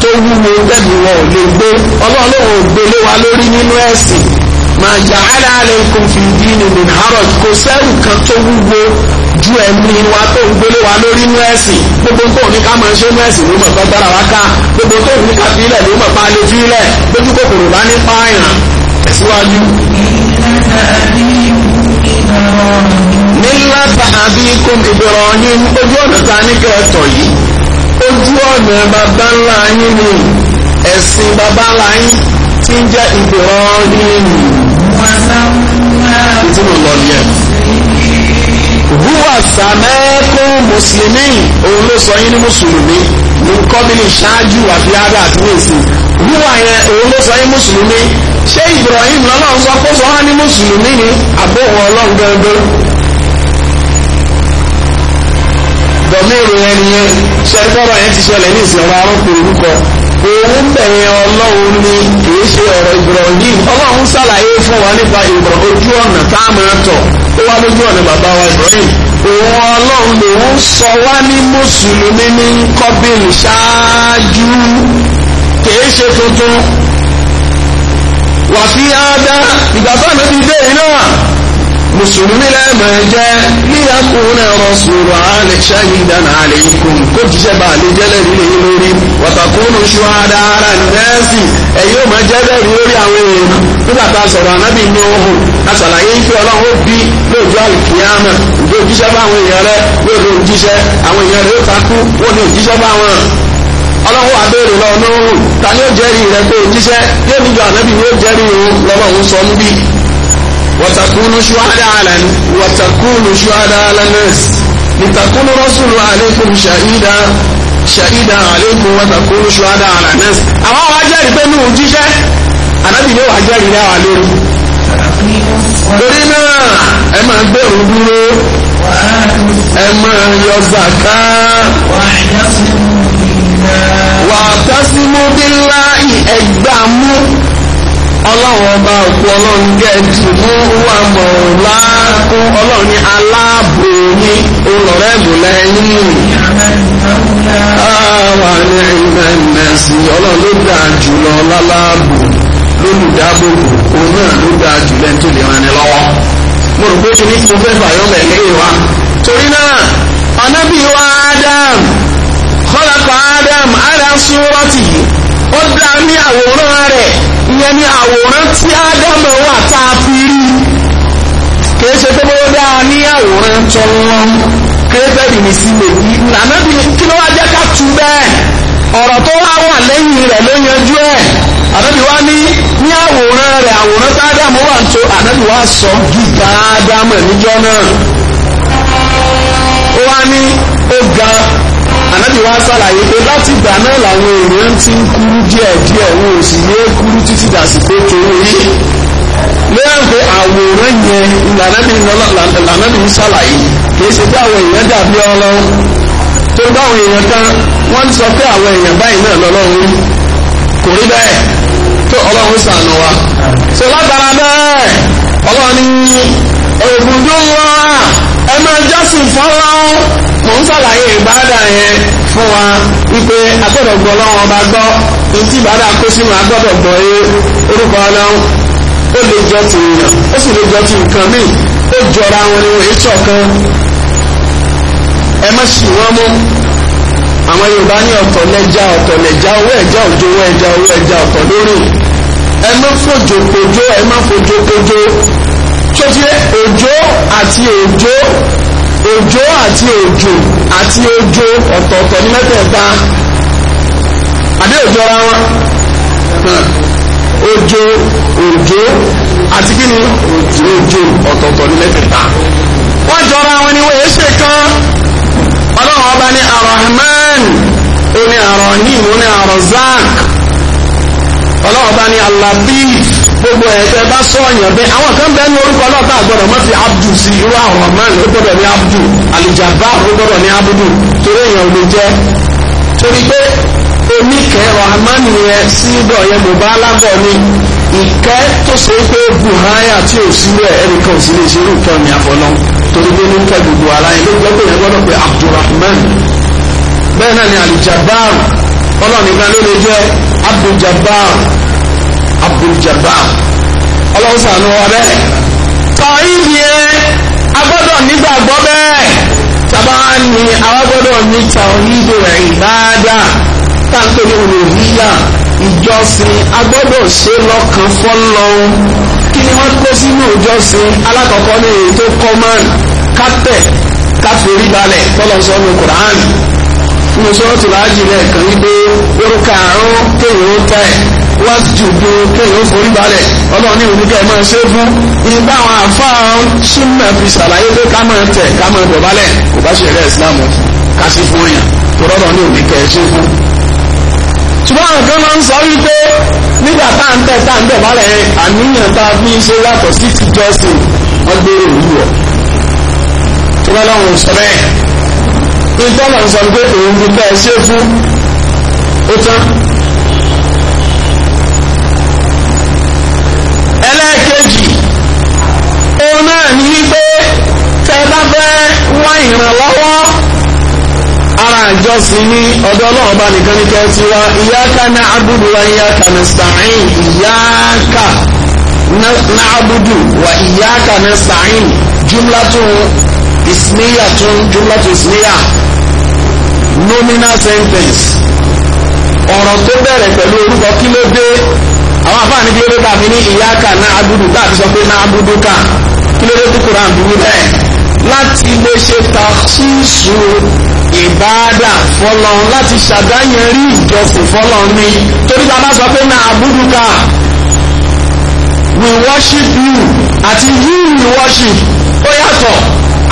S1: tó wúwo bẹ́ẹ̀ wọn ò lè gbé ọlọ́run ò gbélé wa lórí nínú ẹ̀sìn ma ja'ala alaykum fi dini min haraj kò sẹ́rù kan tó wúwo ju ẹ̀mí wa tó ń wa lórí inú gbogbo tó ní ká máa ṣe inú ló mọ̀ gbọ́gbára wa ká gbogbo tó ní ká fílẹ̀ ló mọ̀ pa lè fílẹ̀ lójú kòkòrò bá ní pààyàn tẹ̀síwájú. nílá tàbí kún ìbẹ̀rọ̀ yín ojú ọ̀nà ta ní kẹtọ̀ yìí ojú ọ̀nà bàbá ni ẹ̀sìn bàbá tí ń jẹ́ Ibrahim tí mo lọ yẹ. Húwà sàmẹ́kù Mùsùlùmí òun ló sọ yín ní Mùsùlùmí ní kọ́mílì ṣáájú àti ara àti èsì. Húwà yẹn òun ló sọ yín Mùsùlùmí. Ṣé Ibrahim lọ́nà ń sọ pé sọ wá ní Mùsùlùmí ni àbóhùn ọlọ́run gbẹngbẹ́? Dọ̀mí ìròyìn ẹni yẹn ṣe gbọ́dọ̀ yẹn ti ṣẹlẹ̀ ní ìsìn ọ̀rọ̀ arúgbó orúkọ òun bẹ̀yẹn ọlọ́run ni kìí ṣe ọ̀rọ̀ Ibrahim ọlọ́run ṣàlàyé fún wa nípa ìbọ̀ ojú ọ̀nà tá a máa tọ̀ ó wá lójú ọ̀nà bàbá wa Ibrahim òun ọlọ́run lòun sọ wá ní mùsùlùmí ní kọ́bìlì ṣáájú kìí ṣe tuntun wàfíà dá ìgbà mi ti dé yìí náà mùsùlùmí lẹ́ẹ̀mọ̀ jẹ́ níyàkùnrin rasulu alẹ́ shahidan alaykum kó jíṣẹ́ bá lè jẹ́lẹ̀ nílé lórí wàtàkùnrin ṣùhádà ara nẹ́ẹ̀sì ẹ̀yọ́ máa jẹ́lẹ̀ lórí àwọn èèyàn nígbà tá a sọ̀rọ̀ anábì ní ohun àṣàlàyé ń pé ọlọ́run bí lójú àlùkìyàmà ìgbé òjíṣẹ́ bá àwọn èèyàn rẹ lóòrò òjíṣẹ́ àwọn èèyàn rẹ ó takú wọn ni òjíṣẹ́ bá wọn ọlọ́run wà béèrè lọ ta ni ó jẹ́rìí rẹ pé òjíṣẹ́ yóò níjọ ànábì ni ó jẹ́rìí òun sọ níbí وتكونوا شهداء على وتكونوا شهداء على الناس لتكون الرسول عليكم شهيدا ṣàìdá àlékún wọ́tàkúrú ṣùwádà àlànẹ́sì àwọn àwọn ajẹ́rìí pé ní òjíṣẹ́ ànábì yóò wà jẹ́rìí dáwà lórí
S2: torí náà
S1: ẹ máa gbé òun dúró ẹ máa yọ zàká wà tásímú bí láì ẹgbàá mú ọlọ́run ọba òkú ọlọ́run jẹ́ tìmú wà mọ̀ láàkún ọlọ́run ní aláàbò ní olùrẹ́ ìbùlẹ̀ yín. àwa ní ẹgbẹ́ ìmẹ̀sì ọlọ́run ló dáa jùlọ láláàbò lólùdáàbòbò òun náà ló dáa jùlọ ẹni tó lè ràn ní lọ́wọ́. mo rò pé kìíní tó fẹ́ fàyọ́ bẹ̀ lẹ́yìn wa. torí náà anábì wa Adam khalaqa Adam ala suratihi. ó dá ní àwòrán rẹ̀ ìyẹn ní àwòrán tí ádámọ̀ wà tá a fi rí kìí ṣe tó bó dá ní àwòrán tó wọn kìí bẹ́ẹ̀ ní sí lè yí nànà bí kí ló wá jẹ́ ká tu bẹ́ẹ̀ ọ̀rọ̀ tó wá wà lẹ́yìn rẹ̀ ló yanjú ẹ̀ ànábì wá ní ní àwòrán rẹ̀ àwòrán ànábì wa ṣàlàyé pé láti ìgbà náà làwọn èèyàn ti ń kúrú díẹ̀ díẹ̀ wọn ò sì yé kúrú títí dàsìkò torí yìí lóyún pé àwòrán yẹn lànàbì lànàbì ń ṣàlàyé kìí ṣe pé àwọn èèyàn dàbí ọlọ́run tó bá àwọn èèyàn kan wọ́n ti sọ pé àwọn èèyàn báyìí náà lọ́lọ́run kò rí bẹ́ẹ̀ tó ọlọ́run ṣàánú wa ṣe látara bẹ́ẹ̀ ọlọ́run ní ògùn tó ń wá ẹ máa jásùn fọ́lọ́run mò ń sàlàyé ìbádà yẹn fún wa wípé agbọ́dọ̀ gbọ́ lọ́wọ́ ọba gbọ́ ntí ìbádà kó sínú agbọ́dọ̀ gbọ́ yé orúkọ ọlọ́run ó lè jọ ti èèyàn ó sì lè jọ ti nǹkan míì ó jọra wọn ni wọ́n èso kan ẹ má sì wọ́n mú àwọn yorùbá ní ọ̀tọ̀ lẹ́jà ọ̀tọ̀ lẹ́jà owó ẹ̀já òjò owó ẹ̀já owó ẹ̀já ọ̀tọ̀ lórí ẹ má fòjò kojó ẹ má fòjò kojó tó ti ojó àti òjò òjò àti òjò àti òjò ọ̀tọ̀ọ̀tọ̀ ní mẹ́tẹ̀ẹ̀ta àbí òjò ara wọn hmm. òjò òjò àti kí ni òjò ọ̀tọ̀ọ̀tọ̀ ní mẹ́tẹ̀ẹ̀ta wọ́n jọra wọn ni wọ́n ṣe ọlọ́run ọba ní arahman oní gbogbo ẹ̀tẹ́ bá sọ̀yàn bẹ́ẹ̀ àwọn kan bẹ́ẹ̀ ní orúkọ ọlọ́ta àgbọ̀dọ̀ mọ́ sí abdu sí irú àwọn man ó gbọ́dọ̀ ní abdu alìjàbá ó gbọ́dọ̀ ní abdu torí èèyàn ò lè jẹ́ torí pé oníkẹ́ rahman yẹn síbọ̀ yẹn bò bá lábọ̀ ni ìkẹ́ tó ṣe é pé buhaya tí ò sílẹ̀ ẹnìkan ò sí lè ṣe irú ìkẹ́ ọ̀nì àfọlọ́ torí pé ní kẹ́ gbogbo ara yẹn ló gbọ́dọ̀ yẹn gbọ́dọ̀ pé abdulrahman bẹ́ẹ̀ náà ni alìjàbá ọlọ́ọ̀nìkan ló lè jẹ́ abduljabar abdulljabbar ọlọ́run sànú wa bẹ́ẹ̀ tọ́yìnbí ẹ agbọ́dọ̀ nígbàgbọ́ bẹ́ẹ̀ tàbá ni àwọn gbọ́dọ̀ ní tàwídò rẹ̀ ìbáadá táǹpé ní olùhíyà ìjọsìn agbọ́dọ̀ ṣe lọ́kàn fọ́lọ́run kí ni wọ́n kó sínú ìjọsìn alákọ̀ọ́kọ́ ní èyí tó kọ́ mọ́ kátẹ̀ káfíńbalẹ̀ tọ́lọ́sọ́nù kùránì nínú sọ́ọ̀tù láàjì lẹ́ẹ̀kan wípé orúkọ àárọ̀ kéèyàn ó tẹ̀ wá jùlọ kéèyàn ó forí balẹ̀ ọlọ́run ní òun kẹ́ ẹ máa ṣe fún nígbà àwọn àfáà súnmọ̀ fi ṣàlàyé pé ká máa tẹ̀ ká máa bọ̀ balẹ̀ kò bá ṣẹlẹ̀ ìsìlámù ká sí fún yàn tó rọ́lọ́ ní òun kẹ́ ẹ ṣe fún. ṣùgbọ́n àwọn kan máa ń sọ wípé nígbà tá à ń tẹ̀ tá à ń bọ̀ balẹ̀ àníyàn tá a fi ṣe yàtọ̀ sí ti jọ́sìn ọgbẹ́rẹ́ òwúrọ̀ tó rọ́lọ́run sọ bẹ́ẹ̀ ìtọ́nà sọ pé èyí ti ká ẹ ṣe fún ó tán. ẹlẹ́ẹ̀kejì òun náà ní wípé tẹ́ bá fẹ́ wá ìrànlọ́wọ́ ara ìjọsìn ní ọ̀dọ̀ Ọlọ́run bá nìkan ní kẹ́ ti wá iyyaka na'budu wa iyyaka nasta'in iyyaka na'budu wa iyyaka nasta'in jumlatun ismiya tún jumlatu ismiya nominal sentence ọ̀rọ̀ tó bẹ̀rẹ̀ pẹ̀lú orúkọ kí ló dé àwọn afáàní bí olóba mi ní ìyáka náà abudu tá a ti sọ pé náà abudu ká kí ló dé tó kóra àbúrú bẹ́ẹ̀ láti lè ṣe taṣíṣù ìbáadà fọlọ́n láti ṣàdáyẹrí ìjọsìn fọlọ́n ni torí ta bá sọ pé náà abudu ká we worship you àti you we worship ó yàtọ̀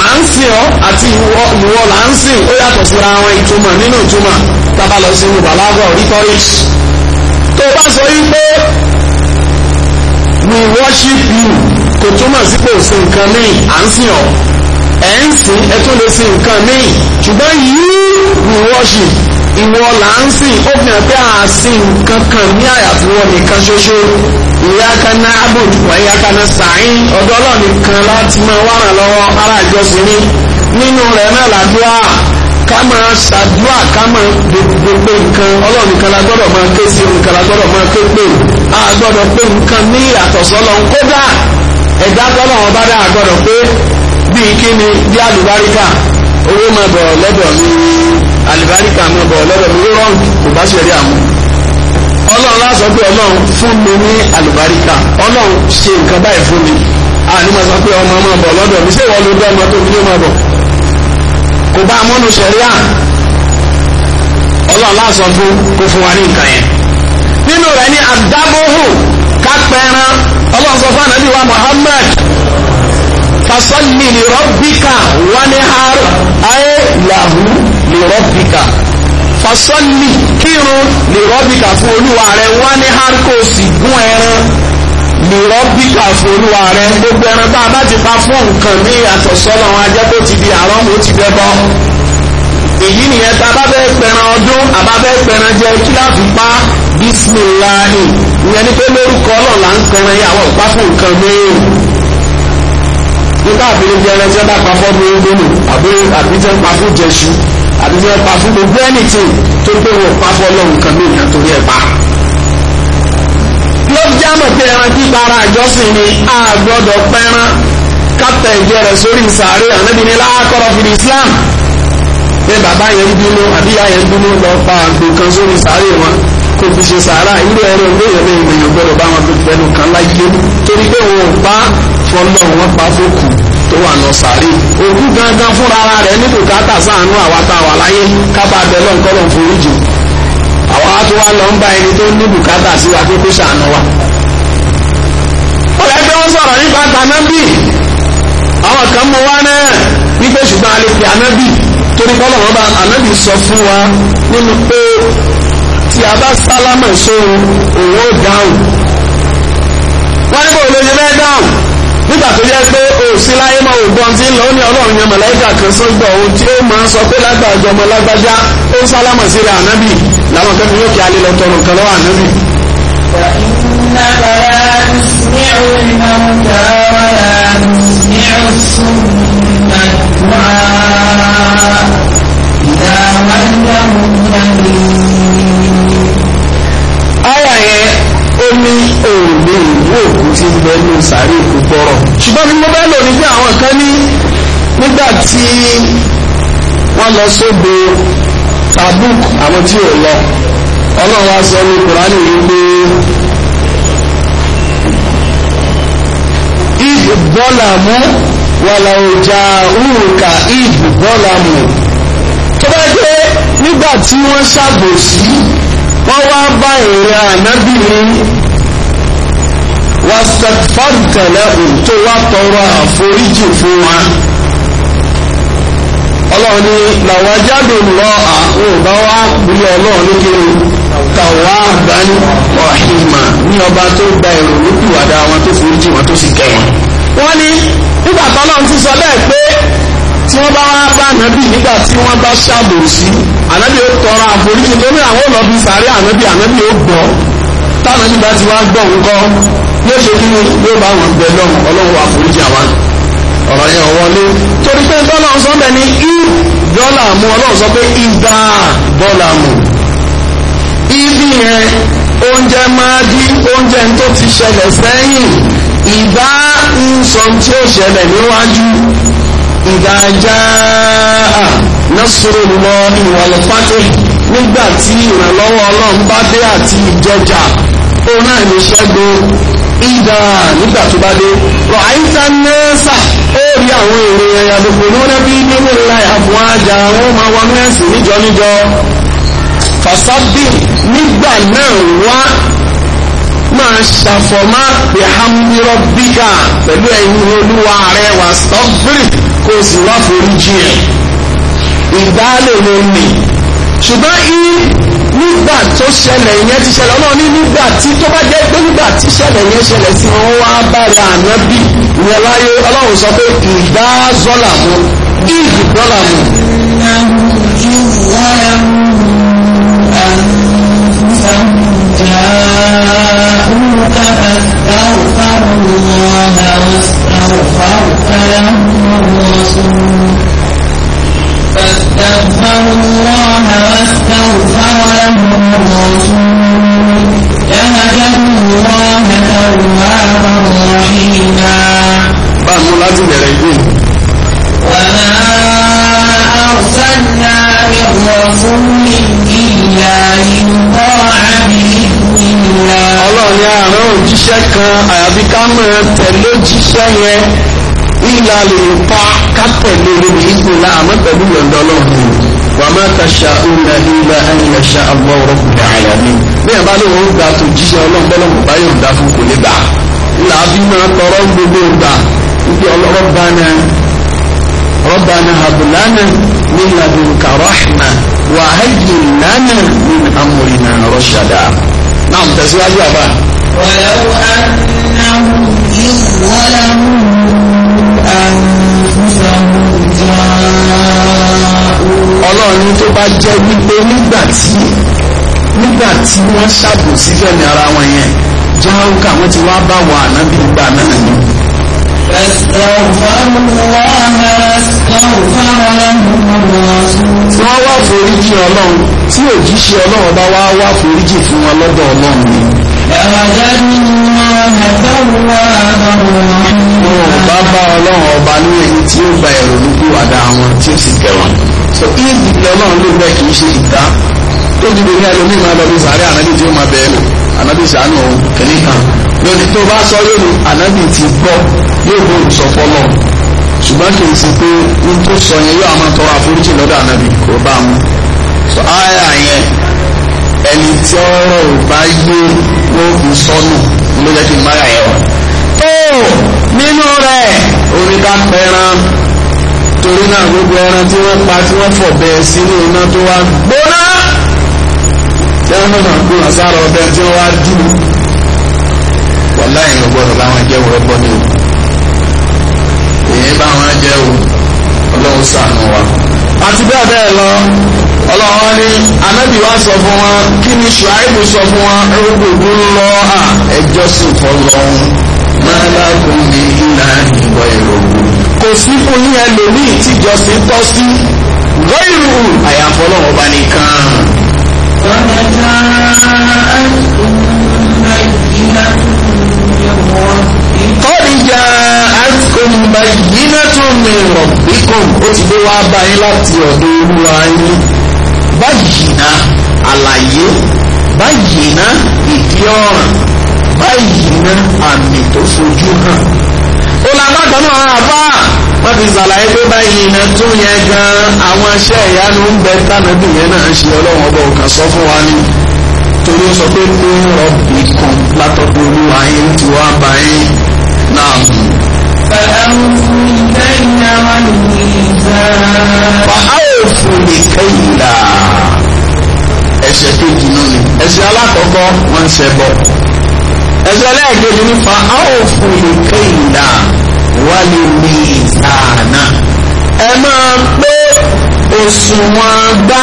S1: à ń sìn ọ́ àti ìwọ ìwọ là ń sìn ó yàtọ̀ síra wọn ìtumọ̀ nínú ìtumọ̀ tábà lọ sí yorùbá lágbọ̀ rítọ́rìs tó bá sọ yí pé we worship you kò túmọ̀ sí pé òsìn nǹkan míì à ń sìn ọ́ ẹ̀ ń sìn ẹ tún lè sìn nǹkan míì ṣùgbọ́n you we worship ìwọ là ń sìn ó fi hàn pé àásìn nǹkan kan ní àyàfíwọ́ nìkan ṣoṣo ìyáka náà abòdù wà ìyáka náà sàáyín ọ̀dọ̀ Ọlọ́run nìkan láti máa wà ràn lọ́wọ́ ara ìjọsìn ní nínú rẹ̀ náà làdúrà ká máa ṣàdúrà ká máa gbogbo nǹkan Ọlọ́run nìkan la gbọ́dọ̀ máa ké sí nìkan la gbọ́dọ̀ máa ké pè á gbọ́dọ̀ pé nǹkan ní àtọ̀sọ́lọ́ kódà ẹ̀dá tọ́lọ́wọ́n bá dá àgbọ́dọ̀ pé bíi kíni bí àlùbáríkà owó máa bọ̀ lọ́dọ̀ mi àlùbáríkà máa bọ̀ lọ́dọ̀ mi rírọ̀ kò bá ṣe rí àmọ́ ọlọ́run lásán pé ọlọ́run fún mi ní àlùbáríkà ọlọ́run ṣe nǹkan báyìí fún mi àní máa sọ pé ọmọ máa bọ̀ lọ́dọ̀ mi ṣé ìwọ ló dá ọmọ tó fi ní máa bọ̀ kò bá amọ́nu ṣẹ̀ríà ọlọ́run lásán fún kó fún wa ní nǹkan yẹn nínú rẹ̀ ní àdábòhùn kápẹ́ran ọlọ́run sọ fún ànábì wa Muhammad fasalli li rabbika wanihar ayé lahu li rabbika fasalli kírun li rabbika fún olúwa rẹ wanihar kò sì gún ẹran li rabbika fún olúwa rẹ gbogbo ẹran bá a bá ti pa fún nǹkan ní ìyàtọ̀ wọn ajẹ́ kó ti di àrọ́ mo ti bẹ́ bọ́ èyí nìyẹn tá a bá fẹ́ pẹran ọdún àbá fẹ́ pẹran jẹ kí láti pa bísímìláì ìyẹn ní pé lórúkọ ọlọ́ọ̀la ń kọrin àwọn ìpákó nǹkan mẹ́rin nígbà àfihàn jẹ ẹrẹ tí wọn bá pa fọ́ mi gbónú àbí àbí tí wọn pa fún jẹṣu àbí tí wọn pa fún gbogbo anything tó gbé wọn pa fọ́ lọ́hùn kan mí ìyàtọ̀ yẹn pa. ló já mọ̀ pé ẹran kíkọ ara àjọsìn ni a gbọ́dọ̀ pẹ́ran kápẹ́ ìjọ rẹ̀ sórí ìsàárè ànábìíní láàkọ́rọ̀ fìdí Islam pé bàbá yẹn bínú àbí ìyá yẹn bínú lọ pa àgbò kan sórí ìsàárè wọn kò fi ṣe sàárà irú ẹ̀rọ ìgbéyẹ̀mẹ̀ ìgbìyànjú gbọ́dọ̀ bá wọn tó fẹ́nu kan láyé torí pé wọn ò pa fọlọ́ wọn pa fókù tó wà lọ sàárè òkú gangan fúnra ara rẹ̀ ní bùkátà ṣàánú àwa tá a wà láyé kábà bẹ lọ́nkọ́lọ́ foríjì àwa tó wá lọ ń bá ẹni tó ní bùkátà sí wa pé kó ṣàánú wa. ó yẹ kí wọ́n sọ̀rọ̀ nípa tànábì àwọn kan mọ wá náà wípé ṣùgbọ́n a lè pè ànábì torí bọ́lá wọn bá ànábì sọ fún wa nínú pé tí a bá sálámà sóhun òun ó dáhùn wọ́n ní bò lóye bẹ́ẹ̀ dáhùn nígbà tó yẹ pé òsì láyé máa ò gbọ́n tí ń lọ ó ní ọlọ́run yẹn mọ̀lẹ́kà kan sọ́gbọ̀ ohun tí ó máa ń sọ pé lágbàjọ ọmọ lágbájá ó ń sálámà síra ànábì làwọn kan fi yóò kí alẹ́ lọ tọrọ nǹkan lọ́wọ́ ànábì.
S2: ìdá wọn dáhùn náà
S1: ó ní òòlù ìlú òkú ti bẹ ní sàárè òkú gbọ́rọ̀ ṣùgbọ́n bí mo bẹ́ẹ̀ lò ní pé àwọn kan ní nígbà tí wọ́n lọ sóde Tabuk àwọn tí ò lọ ọlọ́run wá sọ ní Kùránì wípé ìbọ́làmú wàlà ọjà òrùka ìbọ́làmú tó bá dé nígbà tí wọ́n ṣàgbòsí wọ́n wá bá ìrìn ànábì ní wàsàkfàǹtẹ̀lẹ̀ tó wá tọrọ àforíjì fún wa ọlọ́run ní làwọn jáde lọ àwọn ọba wa gbúlẹ̀ ọlọ́run ní kí tàwa àgbáni ọ̀hìnmà ní ọba tó gba èrò nípìwàdà wọn tó foríjì wọn tó sì kẹ́ wọ́n ní nígbà tọ́lọ́run ti sọ bẹ́ẹ̀ pé tí wọ́n bá wá bá nàbì nígbà tí wọ́n bá ṣàbòsí ànábì ó tọrọ àforíjì tó ní àwọn ọ̀nà bíi sàárẹ̀ ànábì ànábì ó gbọ́ táwọn nígbà tí wàá gbọ́ ńkọ́ yóò ṣe kí ni yóò bá wọn bẹ lọ́wọ́ ọlọ́wọ́ àforíjì àwa ọ̀rọ̀ yẹn wọlé torí pé dọ́là ọ̀sán bẹ̀ ni í dọ́là mu ọlọ́run sọ pé ìgbà dọ́là mu ibi yẹn oúnjẹ máa di oúnjẹ tó ti ṣẹlẹ̀ sẹ́yìn ìgbà ń sọ tí ó ṣẹlẹ̀ níwájú ìdájá nasrullahi wal fatih nígbà tí ìrànlọ́wọ́ ọlọ́run bá dé àti ìjọjà ó náà ní ṣẹ́gun ìdá nígbà tó bá dé rọ̀ àyíká nẹ́ẹ̀sà ó rí àwọn èrè ẹ̀yà gbogbo ní wọ́n bí nínú ìlà àbùn ajá wọn máa wọnú ẹ̀sìn níjọ níjọ fàṣàbí nígbà náà wá máa ṣàfọ̀má ìhàmúrọ̀ bíkà pẹ̀lú ẹ̀yìn olúwa rẹ̀ wà stọ́gbìrì kó o sì wá foríjì ẹ̀ ìdálẹ̀ ló ní ṣùgbọ́n í nígbà tó ṣẹlẹ̀ yẹn ti ṣẹlẹ̀ ọlọ́run ní nígbà tí tó bá jẹ́ pé nígbà tí ṣẹlẹ̀ yẹn ṣẹlẹ̀ sí wọn wá bára ànábì ìyẹn láyé ọlọ́run sọ pé ìdázọ́là mu ìdù dọ́là mu.
S2: جاءوك فاستغفروا الله واستغفرت لهم الرسول فاستغفروا الله واستغفر لهم
S1: الرسول لهدهم الله توابا رحيما بأس لا تبرئين وما أرسلنا من رسول إلا ليطاع بإذن الله ọlọ́run ni àárọ̀ òjíṣẹ́ kan àyàfi ká mọ̀ tẹ̀lé òjíṣẹ́ yẹn ìlà lè ta kátẹ̀lé lórí ìgbìlá àmọ́ pẹ̀lú yọ̀ǹda ọlọ́run wà má ta ṣá òun àti ìlà ẹni lè ṣá àgbọ̀ ọ̀rọ̀ kò dà àyà mi. bẹ́ẹ̀ bá lóun ó gbà tó jíṣẹ́ ọlọ́gbọ́lọ́ kò bá yọ̀ǹda fún kò lè gbà. ìlà bí máa tọrọ gbogbo ìgbà ibi ọlọ́rọ̀bánà ربنا هب لنا من لدنك رحمة وهيئ لنا من أمرنا رشدا نعم تسوى أجابة ولو
S2: أنهم
S1: إذ ظلموا ọlọ́run ní tó bá jẹ́ wípé nígbà tí nígbà tí wọ́n ṣàbòsí fẹ̀mí ara wọn yẹn jáwùká wọ́n ti wá bá wà nábì gbà náà ni. tí wọ́n wá foríjì ọlọ́run tí òjíṣẹ́ ọlọ́run bá wá wá foríjì fún wọn lọ́dọ̀ ọlọ́run ni bàbá ọlọ́run ọba ní èyí tí ó gba ẹ̀rọ ní kúwàdà àwọn tí ó sì tẹ̀wọ̀n so ibi ọlọ́run ló bẹ́ẹ̀ kì í ṣe ìta tó dìde ní ẹlòmíì máa lọ bí sàárẹ̀ ànábì tí ó máa bẹ̀ẹ́ lò ànábì sàánù kìnìún kan lónìí tó bá sọ yóò ní ànábì ti gbọ́ yóò bó olùsọ̀fọ́ lọ ṣùgbọ́n kì í ṣe pé ní tó sọ yẹn yóò máa tọrọ àforíjì lọ́dọ̀ ànábì kò bá mu so áyà yẹn tí ọ̀rọ̀ ò bá yé wọn kò sọnù ló jẹ́ kí n bára yẹ ọ. tó nínú rẹ̀ orí bá pẹran torí náà gbogbo ẹran tí wọ́n pa tí wọ́n fọ̀bẹ sínú iná tó wá gbóná tẹ́wọ́n náà máa gbóná sára ọbẹ̀ tí wọ́n wá dùn wọ́n láyìn ọgbọ́dọ̀ báwọn jẹ́ wọ́n gbọ́ ní o èyí báwọn jẹ́ o ọlọ́run ṣàánú wa àti bẹ́ẹ̀ bẹ́ẹ̀ lọ ọlọ́wọ́ ní anábì wá sọ fún wọn kí ni ṣùáìbù sọ fún wọn rúgbògbò lọ à ẹjọ́ sì fọlọ́hún mọ́lágùn ní ìlà ìwọ ìrògbò. kò sí fún yín ẹlòmíì tíjọsìn tọ́ sí wọ́ìrù àyàfọlọ́wọ́ bá nìkan. ọ̀nàdà àìsàn ìlà kọ́ni jẹ́ bayyinatu min rabbikum ó ti dé wá bá yín láti ọ̀dọ̀ olúwa yín bayyina àlàyé bayyina ìdí ọ̀ràn bayyina àmì tó fojú hàn ó la bá kan náà àbá wọ́n fi ṣàlàyé pé bayyina tó yẹ gan àwọn iṣẹ́ ìyanu ń bẹ tánàbì yẹn náà ń ṣe ọlọ́run ọba òkan sọ fún wa ni torí ó sọ pé ní rabbikum látọ̀dọ̀ olúwa yín ti wá bá yín náà. فأوفوا الكيل والميزان فأوفوا الكيل ẹsẹ̀ kejì náà ni ẹsẹ̀ alákọ̀ọ́kọ́ wọ́n ń ṣe bọ̀ ẹsẹ̀ ẹlẹ́ẹ̀kejì ní fa áòfù lèkè ìlà wà lè ní ìtàànà ẹ máa pé òṣùwọ̀n gbá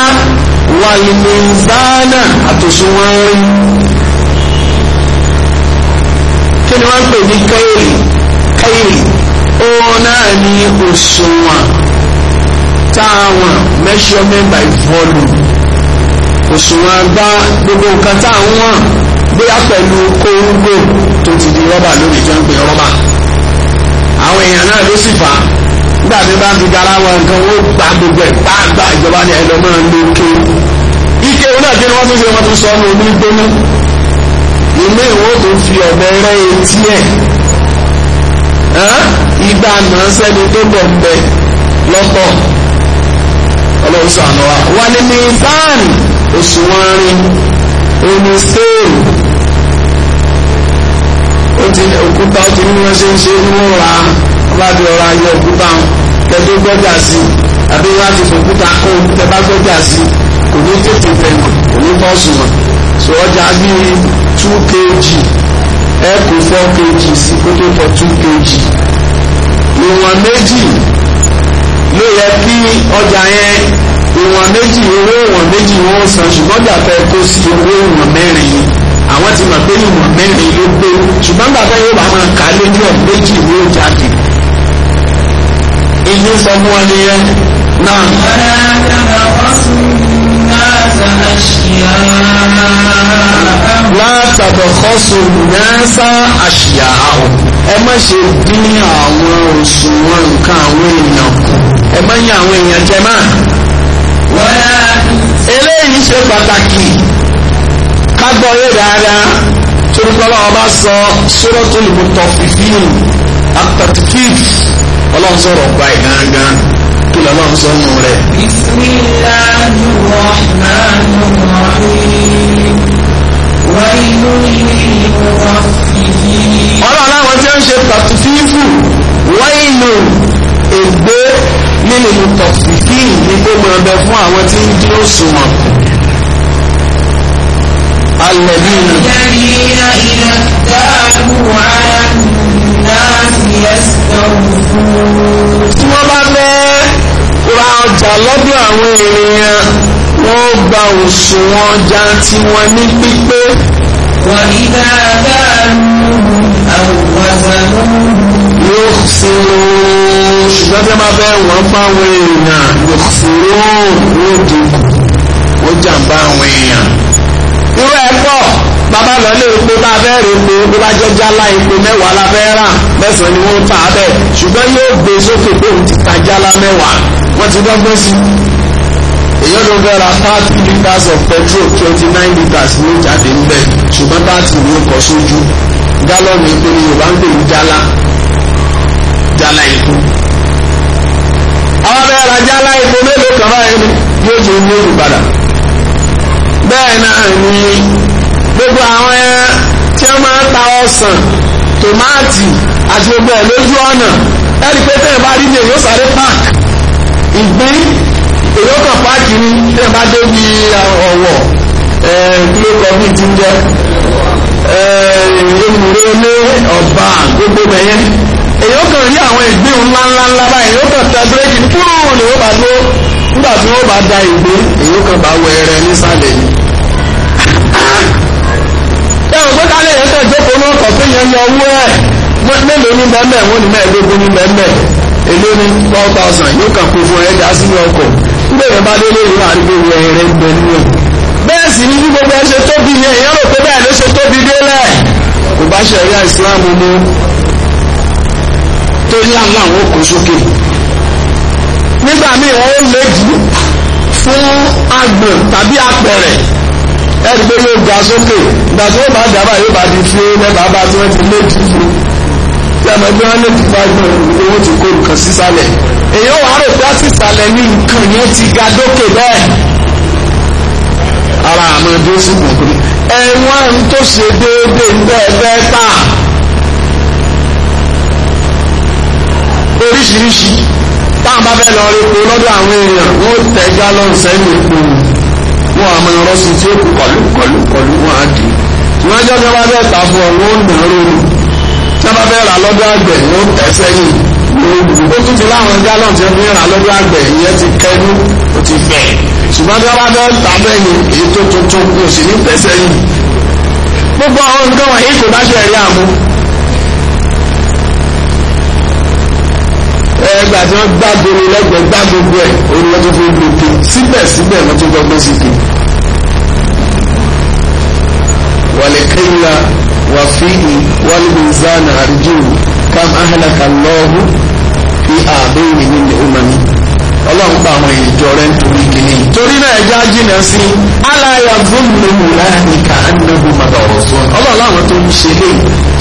S1: wà lè ní ìtàànà àtòṣùwọ̀n rí kí ni wọ́n ń pè ní kéèlì alkhairi o náà ni taa táwọn measurement by volume òṣùwọ̀n gbogbo nǹkan táwọn wọ̀n bóyá pẹ̀lú kóńgò tó ti di rọ́bà lórí tó ń pè rọ́bà àwọn èèyàn náà ló sì fà á nígbà tí bá ń gbogbo ẹ̀ gbàgbà ìjọba ni ike ike òun náà tún ṣe tún sọ omi ìgbà náà sẹ́ni tó bọ̀ ń bẹ lọ́pọ̀ ọlọ́run sọ àná wa wà ní mizan òṣùwọ̀n rin o sèèrè ó ti òkúta ó ti ní wọ́n ṣe ń ṣe ń múra ọlọ́dún ọ̀rọ̀ ayé òkúta kẹ́tọ́ gbọ́dọ̀ sí àbí wọ́n á ti fòkúta kó tẹ́ bá gbọ́dọ̀ sí kò ní tètè bẹ̀rù kò ní tọ́ sùn sọ ọjà bíi two kg ẹ kó four kg sí kó tó two kg ìwọ̀n méjì ló yẹ kí ọjà yẹn ìwọ̀n méjì owó ìwọ̀n méjì wọ́n san ṣùgbọ́n gbàgbẹ́ kó sí owó ìwọ̀n mẹ́rin yìí àwọn ti mọ̀ pé ìwọ̀n mẹ́rin ló pé ṣùgbọ́n gbàgbẹ́ yóò bá máa kà á lójú ẹ̀ méjì ló jáde èyí sọ fún wọn nìyẹn náà látàbọ̀kọ́sọ nẹ́ẹ́sà àṣìyà ahùn ẹ má ṣe dín àwọn òṣùwọ̀n nǹkan àwọn èèyàn ẹ má yín àwọn èèyàn jẹ máa. eléyìí ṣe pàtàkì ká gbọ́ yé dáadáa torí pé ọlọ́run bá sọ suratul mutaffifin àtàtìkì ọlọ́run sọ̀rọ̀ gba ìgangan kí lọ́lọ́run sọ nù rẹ̀. bisimilahi rahman rahim wàyú yìí wọ́n fi yí. ọlọ́run láwọn tí ó ń ṣe tàtúfífù wáìlù ègbé nínú tọ̀sífì ní gbogbo ọbẹ̀ fún àwọn tí ń dúró sùnmọ̀. alẹ́ bí. ìyá tí wọ́n bá fẹ́ ra ọjà lọ́dọ̀ àwọn èèyàn wọ́n gba òṣùwọ̀n ọjà tí wọ́n ní pípé. وَإِذَا كَانُوهُمْ أَوْ وَزَنُوهُمْ يُخْسِرُونَ ṣùgbọ́n tí a máa fẹ́ wọ́n fáwọn èèyàn yòókùsìlóòrùn lóde ó jàǹbá àwọn èèyàn. irú ẹ̀ pọ̀ bàbá lọ lé epo bá fẹ́ rè epo bó bá jẹ́ jálá epo mẹ́wàá la fẹ́ rà mẹ́sàn-án ni wọ́n tà á bẹ̀ ṣùgbọ́n yóò gbé sókè pé òun ti ta jálá mẹ́wàá wọ́n ti dọ́gbọ́n sí i èyí ló fẹ́ ra thirty litres of petrol twenty nine litres ní ìjáde ńbẹ ṣùgbọ́n thirty ni ó kọ sójú gálọ́ọ̀nù epo ni Yorùbá ń pè ní jálá jálá epo àwọn abẹ́rẹ́ ra jálá epo mélòó kan báyìí yóò jẹ́ ní ni. gbogbo àwọn ẹran tí wọ́n máa ń ta ọsàn tòmáàtì àti gbogbo ẹ̀ lójú ọ̀nà ẹ̀rí pé tẹ́lẹ̀ bá rí ní èyí ó sáré páàkì ìgbín èyí ó kàn páàkì ní tẹ́lẹ̀ bá dé bí ọ̀wọ̀ ọba gbogbo bẹyẹ èyí ó kàn rí àwọn ìgbín ńláńláńlá báyìí ó kàn ta bírèkì kúrò lè ó bá dúró nígbà da ìgbín èyí ó kàn bá olóòtọ̀ pé yẹn yọ owó ẹ̀ mélòó ní bẹ́ẹ̀ wọ́n ní mẹ́ẹ̀ẹ́dógún ní bẹ́ẹ̀ èlé ní four thousand yóò kàn kó fún ẹ̀dá sínú ọkọ̀ nígbà yẹn bá délé ìlú àdúgbò wọ ẹ̀rẹ́ gbẹ nínú ẹ̀. bẹ́ẹ̀ sì ni gbogbo ẹ ṣe tóbi yẹn èèyàn rò pé bẹ́ẹ̀ ló ṣe tóbi délẹ̀ kò bá ṣẹ̀ríà ìsìláàmù mú tó ní àwọn àwọn òkú sókè. nígbà míì wọ́n ó lé jù fún agbọ̀n tàbí apẹ̀rẹ̀ ẹ̀rí pé yóò ga sókè ìgbà tí wọ́n bá dábàá yóò bá di tí ó mẹ́ta bá tí wọ́n ti lé jù fún tí a máa gbé wọn lè ti bá gbọ́n owó ti kó nǹkan sísàlẹ̀ èyàn wàá rò pé àtìsàlẹ̀ ní nǹkan yẹn ti ga dókè bẹ́ẹ̀ ara àmọ́ ẹgbẹ́ sí gbọ̀ngàn ẹ̀wọ̀n ń tó ṣe déédéé ń bẹ́ẹ̀ bẹ́ẹ̀ tà oríṣiríṣi táwọn bá fẹ́ lọ rí epo lọ́dọ̀ àwọn èèyàn wọ́n tẹ̀ gálọ́ọ̀sì ẹ̀yìn epo wọn àmọ́ ìrọsí tí ó kù kọlù kọlù kọlù wọn á dì í wọn jọ ní wọn bẹ́ẹ̀ ta fún ọ wọn ò nà lóru tí wọn bá fẹ́ẹ́ rà lọ́dọ̀ àgbẹ̀ wọn tẹ sẹ́yìn lóru ó tún ti láwọn gálọ̀ tí wọn fi rà lọ́dọ̀ àgbẹ̀ ìyẹn ti kẹnu ó ti fẹ̀ ṣùgbọ́n tí wọn bá fẹ́ẹ́ ta bẹyìn èyí tó tuntun kò sì ní tẹ sẹ́yìn gbogbo àwọn nǹkan wọ̀nyí kò bá ṣe ẹ̀rí àmú ẹgbà tí wọ́n gbá gbolo lẹ́gbẹ̀ẹ́ gbá gbogbo ẹ̀ orí wọn tó fi gbòkè síbẹ̀síbẹ̀ wọn tó gbọ́gbọ́ síbi. wàlẹ̀ kẹ́yìnlá wà fíìlì wàlúùzánà àrùjù kam ahlaka Allahu fi àbẹ̀yìn nínú ìmọ̀ mi ọlọ́run gba àwọn ìjọ rẹ̀ nítorí kìíní. torí náà ẹja jìnnà sí aláya gómìnà láàyíká ẹnìyàwó padà ọ̀rọ̀ sọ ọlọ́run láwọn tó ń ṣe lé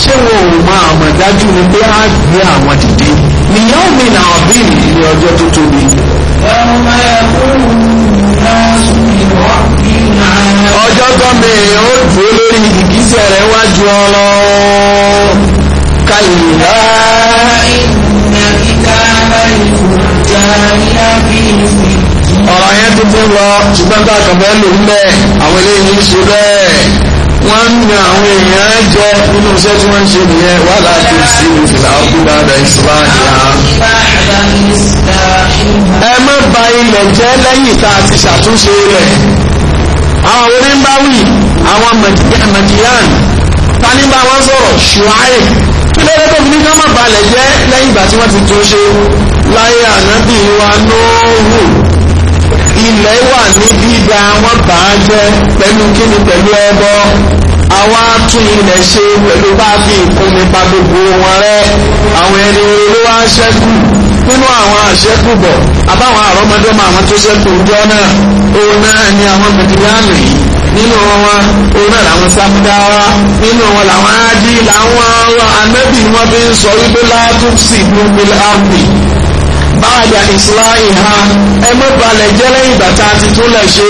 S1: ṣé wọn ò mọ àmọ̀ dájú ni pé á gbé àwọn dìde nìyá omi nà ọ̀bí ní ọjọ́ tó tóbi. ọjọ́ gọ́mẹ ó dúró lórí ìdíkísẹ̀ rẹ̀ wájú ọlọ́ọ̀ kàyìnbá. ìnà kíkà bá ìkùn ọ̀rọ̀ yẹn tó tó lọ ṣùgbọ́n tá a kàn bẹ́ẹ̀ lò ń bẹ́ẹ̀ àwọn eléyìí ń ṣe bẹ́ẹ̀ wọ́n ń na àwọn èèyàn jẹ nínú iṣẹ́ tí wọ́n ń ṣe nìyẹn wà láti sí ìfìlà ọgbọ́n àdá ìsìláàdì ẹ má ba ilẹ̀ jẹ́ lẹ́yìn tá a ti ṣàtúnṣe rẹ̀ àwọn onímbáwì àwọn mẹ̀tìyàn tani wọn sọ̀rọ̀ ṣùáì kí lóore tó fi ní ká má balẹ̀ jẹ́ lẹ́yìn ìgbà tí wọ́n ti tún láyé ànábì wa lóòwò ilẹ̀ wà ní dídá wọn bà á jẹ́ pẹ̀lú kíni pẹ̀lú ẹbọ àwa tún ilẹ̀ ṣe pẹ̀lú bá a fi ìkúnni pa gbogbo wọn rẹ́ àwọn ẹni ló wá ṣẹ́kù nínú àwọn àṣẹ́kù bọ̀ àbáwọn àrọ́mọdọ́mọ àwọn tó ṣẹ́kù jọ náà òun náà ni àwọn bìtìlíàmù yìí nínú wọn òun náà làwọn sáfúdáwá nínú wọn làwọn áádí làwọn anábì wọn fi ń sọ wípé látúnṣì gbogbo áàpì báyà ìsìlá ìhà ẹ mọ́ balẹ̀ jẹ́ lẹ́yìn ìgbà tá a ti tún lẹ̀ ṣe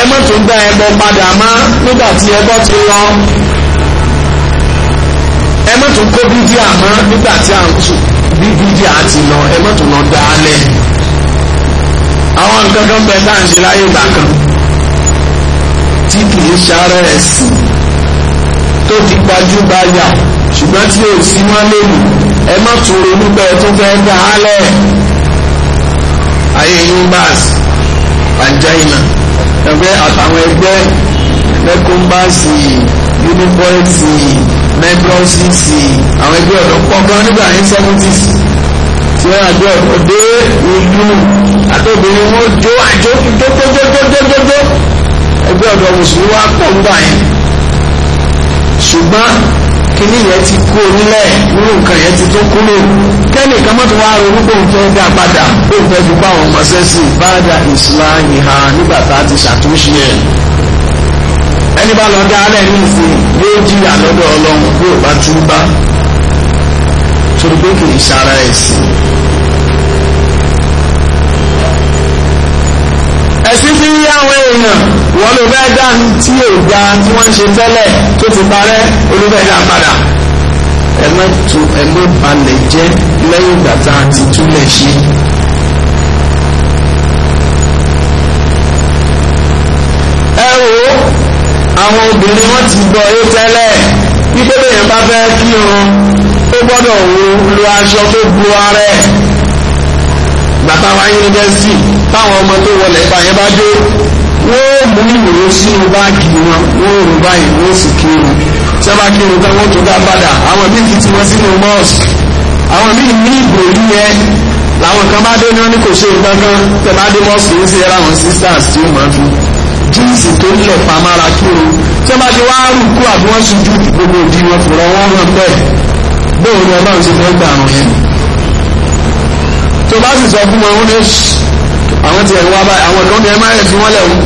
S1: ẹ mọ́ tún dá ẹbọ padà má nígbà tí ẹbọ ti lọ ẹ mọ́ tún kó bídí àmọ́ nígbà tí à ń tù bí bídí à ti lọ ẹ mọ́ tún lọ dá a lẹ̀ àwọn nǹkan kan bẹ tá à ń ṣe láyé ìgbà kan tí kì í ṣàárẹ̀ ẹ̀sìn tó ti gbajúgbajà ṣùgbọ́n tí ò sí mọ́ lẹ́nu ẹ má tòrò nípa ẹ tó fẹ́ dá a lẹ̀ ayé yumbas anjaina ẹgbẹ́ àtàwọn ẹgbẹ́ lẹ́kùnbáàsì unipọ́ẹ̀sì mẹ́bírọ́sìsì àwọn ẹgbẹ́ ọ̀dọ́ pọ̀ gan nígbà yẹn seventies tí wọ́n àgbẹ̀ ọ̀dọ́ dé ìlú àtọ́bìnrin wọn jó àjò jójójójójójó ẹgbẹ́ ọ̀dọ́ mùsùlùmí wá pọ̀ nígbà yẹn ṣùgbọ́n kíní yẹn ti kú onílẹ̀ nínú nǹkan yẹn ti tó kúrò kẹ́lì kan mọ́tò wá ronú pé òun fẹ́ dá padà ó fẹ́ fi bá àwọn ọmọọṣẹ́ sí ìbáradà ìsìláàyè ha nígbà tá a ti ṣàtúnṣe ẹ̀ ẹni bá lọ dá alẹ́ ní ìsìn yóò jìyà lọ́dọ̀ ọlọ́run bí ò bá túbá torí pé kì í ṣara ẹ̀sìn ẹ̀sìn fi ń yáwọn èèyàn wọ́n ló bẹ́ẹ̀ dá tí yóò gba tí wọ́n ń ṣe tẹ́lẹ̀ tó ti parẹ́ olúbẹ̀ẹ́ dá padà ẹ̀mọ́ tu ẹ̀mọ́ balẹ̀ jẹ́ lẹ́yìn ìgbà tá a ti túlẹ̀ ṣe. ẹ wo àwọn obìnrin wọn ti gbọ́ yé tẹ́lẹ̀ wípé bẹ́ẹ̀ bá fẹ́ kírun ó gbọ́dọ̀ wo lo aṣọ tó bu ara ẹ̀ gbàtà wa yunifásitì táwọn ọmọ tó wọlé ibà yẹn bá dé wọ́n mú ìwé sínú báàgì wọn wọ́n rò báyìí wọ́n sì kírun tí wọ́n bá kírun tán wọ́n tó dá padà àwọn míì fi tiwọn sínú bọ́ọ̀sì àwọn míì ní ìbòrí yẹ làwọn kan bá dé náà ní kò ṣe nǹkan tẹ bá dé bọ́ọ̀sì ń ṣe ra àwọn sisters tí ó máa fi jíǹsì tó ń lẹ̀ pamara kírun tí wọ́n bá ti wá rúkú àbí wọ́n ṣojú gbogbo òdi wọn fòrọ̀ wọn hàn bẹ́ẹ̀ bóun ọlọ́run ti fẹ́ gbà wọn yẹn tó bá sì sọ fún wọn wọn ní àwọn tiẹ̀ ń wá báyìí àwọn kan ní ẹ má yẹ fi wọ́n lẹ̀ wọ́n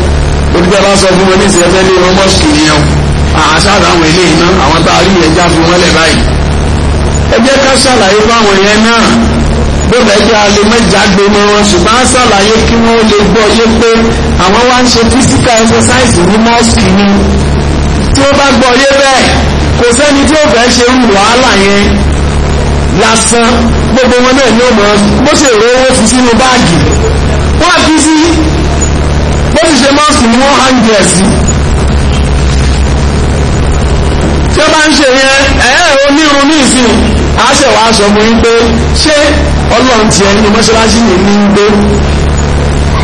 S1: olùgbé bá sọ fún wọn ní ìsìn ẹgbẹ́ ní wọn mọ́ṣù nìyẹn àṣà àwọn ilé iná àwọn tá a rí ẹja fi wọ́n lẹ̀ báyìí ẹ jẹ́ ká ṣàlàyé fáwọn yẹn náà bóbá ẹgbẹ́ alẹ́ mẹ́jà gbé mọ́ wọn ṣùgbọ́n á ṣàlàyé kí wọ́n lè gbọ́ yé pé àwọn wá ń ṣe physical exercise ní mọ́ṣù ni tí ó bá gbọ́ yé bẹ́ẹ̀ kò sẹ́ni tí ó fẹ́ ṣe ń wàhálà yẹn lásán gbogbo wọn náà ni ó mọ̀ bó ṣe èrò owó fi sínú báàgì wọ́n fi sí bó ti ṣe mọ́ọ̀sì ni wọ́n hàǹdì ẹ̀ sí tí ó bá ń ṣe yẹn ẹ̀ẹ́ onírun ní ìsìn àṣẹwà aṣọ mú ń pé ṣé ọlọ́run ti ẹni mọ́ṣáláṣí yìí ní ń gbé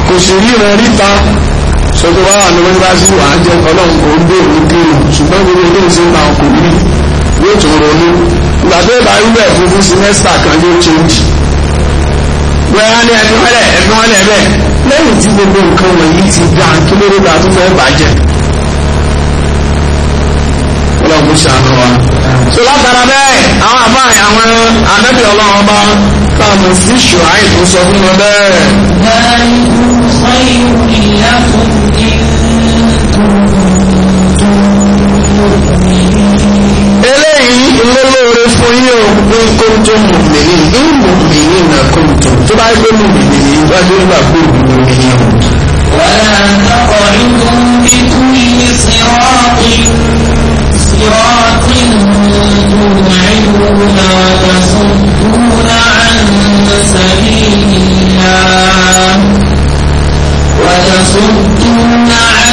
S1: kò sì ríran ríta ṣọgbọ́n wà ní mọ́ṣáláṣí wà á jẹ́ ọlọ́run kò ń gbé òun kiri ṣùgbọ́n gbogbo ilé ìṣẹ́ náà kò rí yóò tún ronú ìgbà tó bá rí bẹ́ẹ̀ fún fún sinẹ́sítà kan yóò change wẹ́rẹ́ ní ẹnu ọ̀lẹ̀ ẹnu ọ̀lẹ̀ bẹ́ẹ̀ lẹ́yìn tí gbogbo nǹkan wọ̀nyí ti dá kí ló dé bá tó fẹ́ bàjẹ́ ọlọ́run ṣàánú wa. so látara bẹ́ẹ̀ àwọn àbáyé àwọn anábì ọlọ́run ọba táwọn sí ṣùgbọ́n àìkú sọ fún wọn bẹ́ẹ̀. lọ́lọ́rẹ́ fún yíò ní kóńtó mùmìnì ní mùmìnì na kóńtó tó bá gbé mùmìnì ní wájú nígbà kó mùmìnì ní ọ̀hún. wọ́n á tọkọ̀ nínú ikú yìí
S2: sírọ́ọ̀tì sírọ́ọ̀tì mùmìnì ويصدون عن سبيل الله ويصدون عن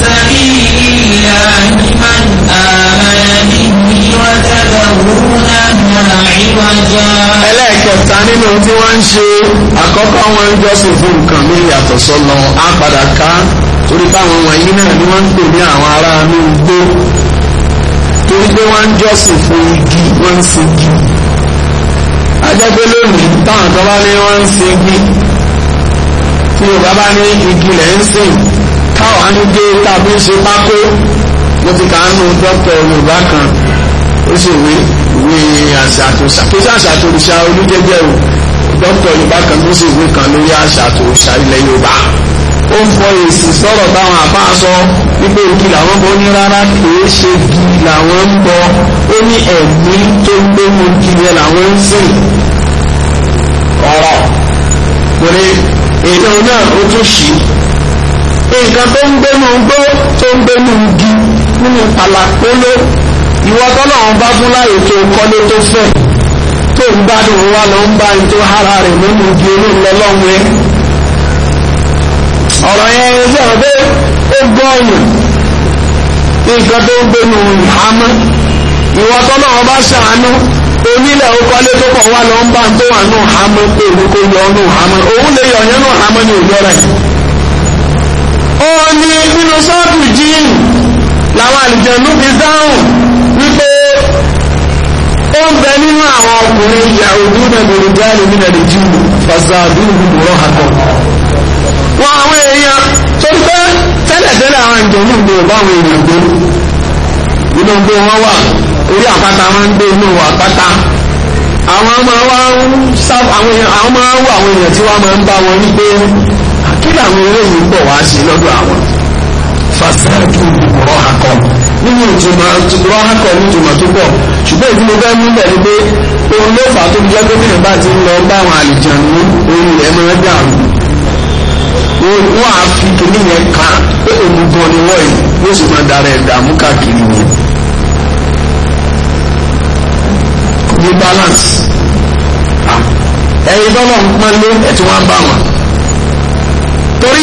S2: سبيل الله
S1: ẹlẹ́ẹ̀kẹta nínú tí wọ́n ń ṣe àkọ́kọ́ wọn ń jọ́sìn fún nǹkan mi yàtọ̀ sọ́nà á padà ká torí táwọn wọ̀nyí náà ni wọ́n ń pè ní àwọn ará mi gbó torí pé wọ́n ń jọ́sìn fún igi wọ́n ń sin igi ajẹ́pẹ́ lónìí táwọn kan bá ní wọ́n ń sin igi tí yorùbá bá ní igi lẹ́ ń sìn káwọn á ń gé tàbí ṣe pákó mo ti kà á nù dọ́kítọ̀ yorùbá kan ó sì wé ìwé àṣà tó ṣà kí sàṣà tó ṣà olùjẹjẹ o dókítà yorùbá kan tó sì wé kan lórí àṣà tó ṣà ilẹ̀ yorùbá ó ń fọ èsì sọ̀rọ̀ táwọn àbá sọ wípé igi làwọn bọ ní rárá kìí ṣe igi làwọn ń bọ ó ní ẹ̀mí tó ń gbé mu igi yẹn làwọn ń sìn ọ̀rọ̀ pèrè èèyàn náà ó tún ṣì nǹkan tó ń gbénu gbó tó ń gbénu igi nínú pàlàpóló ìwọ tọ́lọ́run bá fún láyè tó kọ́lé tó fẹ̀ tó ń gbádùn wa lọ ń bá ní tó hara rẹ̀ nínú ibi olóńlọ́lọ́run rẹ̀ ọ̀rọ̀ yẹn ṣe ọ̀dẹ́ ó gbọ́ ọ̀yàn nǹkan tó ń gbénu ìhámọ́ ìwọ tọ́lọ́run bá ṣàánú onílẹ̀ ó kọ́lé tó pọ̀ wá lọ ń bá tó wà nù hámọ́ pé èmi kò yọ nù hámọ́ òun lè yọ̀ yẹn nù hámọ́ ní òjò rẹ̀ ó ní nínú sọ́ọ̀tù jíìnì làwọn àlùjẹ̀nú fi dáhùn wípé ó ń bẹ nínú àwọn ọkùnrin ìyàwó dúdà gbòrògbáàlì nínú ẹ̀rẹ̀ jù fàṣà àdúrà gbòrò àkọ́ wọn àwọn èèyàn tó ń pẹ́ àwọn ìjọ̀mú ìgbò bá àwọn èèyàn gbé inú gbé wọn wà orí àpáta wọn ń gbé inú àpáta àwọn máa wá ń sá àwọn èèyàn àwọn máa ń àwọn èèyàn tí wọn máa ń bá wọn ní kí làwọn eré yìí nínú ìtumọ̀ lọ́hán kan ní ìtumọ̀ tó pọ̀ ṣùgbọ́n ìdí mo mú ti ń lọ bá àwọn àlìjànú orí ẹ̀ máa dà mí wọ́n á fi yẹn ká pé ni wọ́n yìí yóò sì máa dára dààmú káàkiri yẹn. ní wọn. torí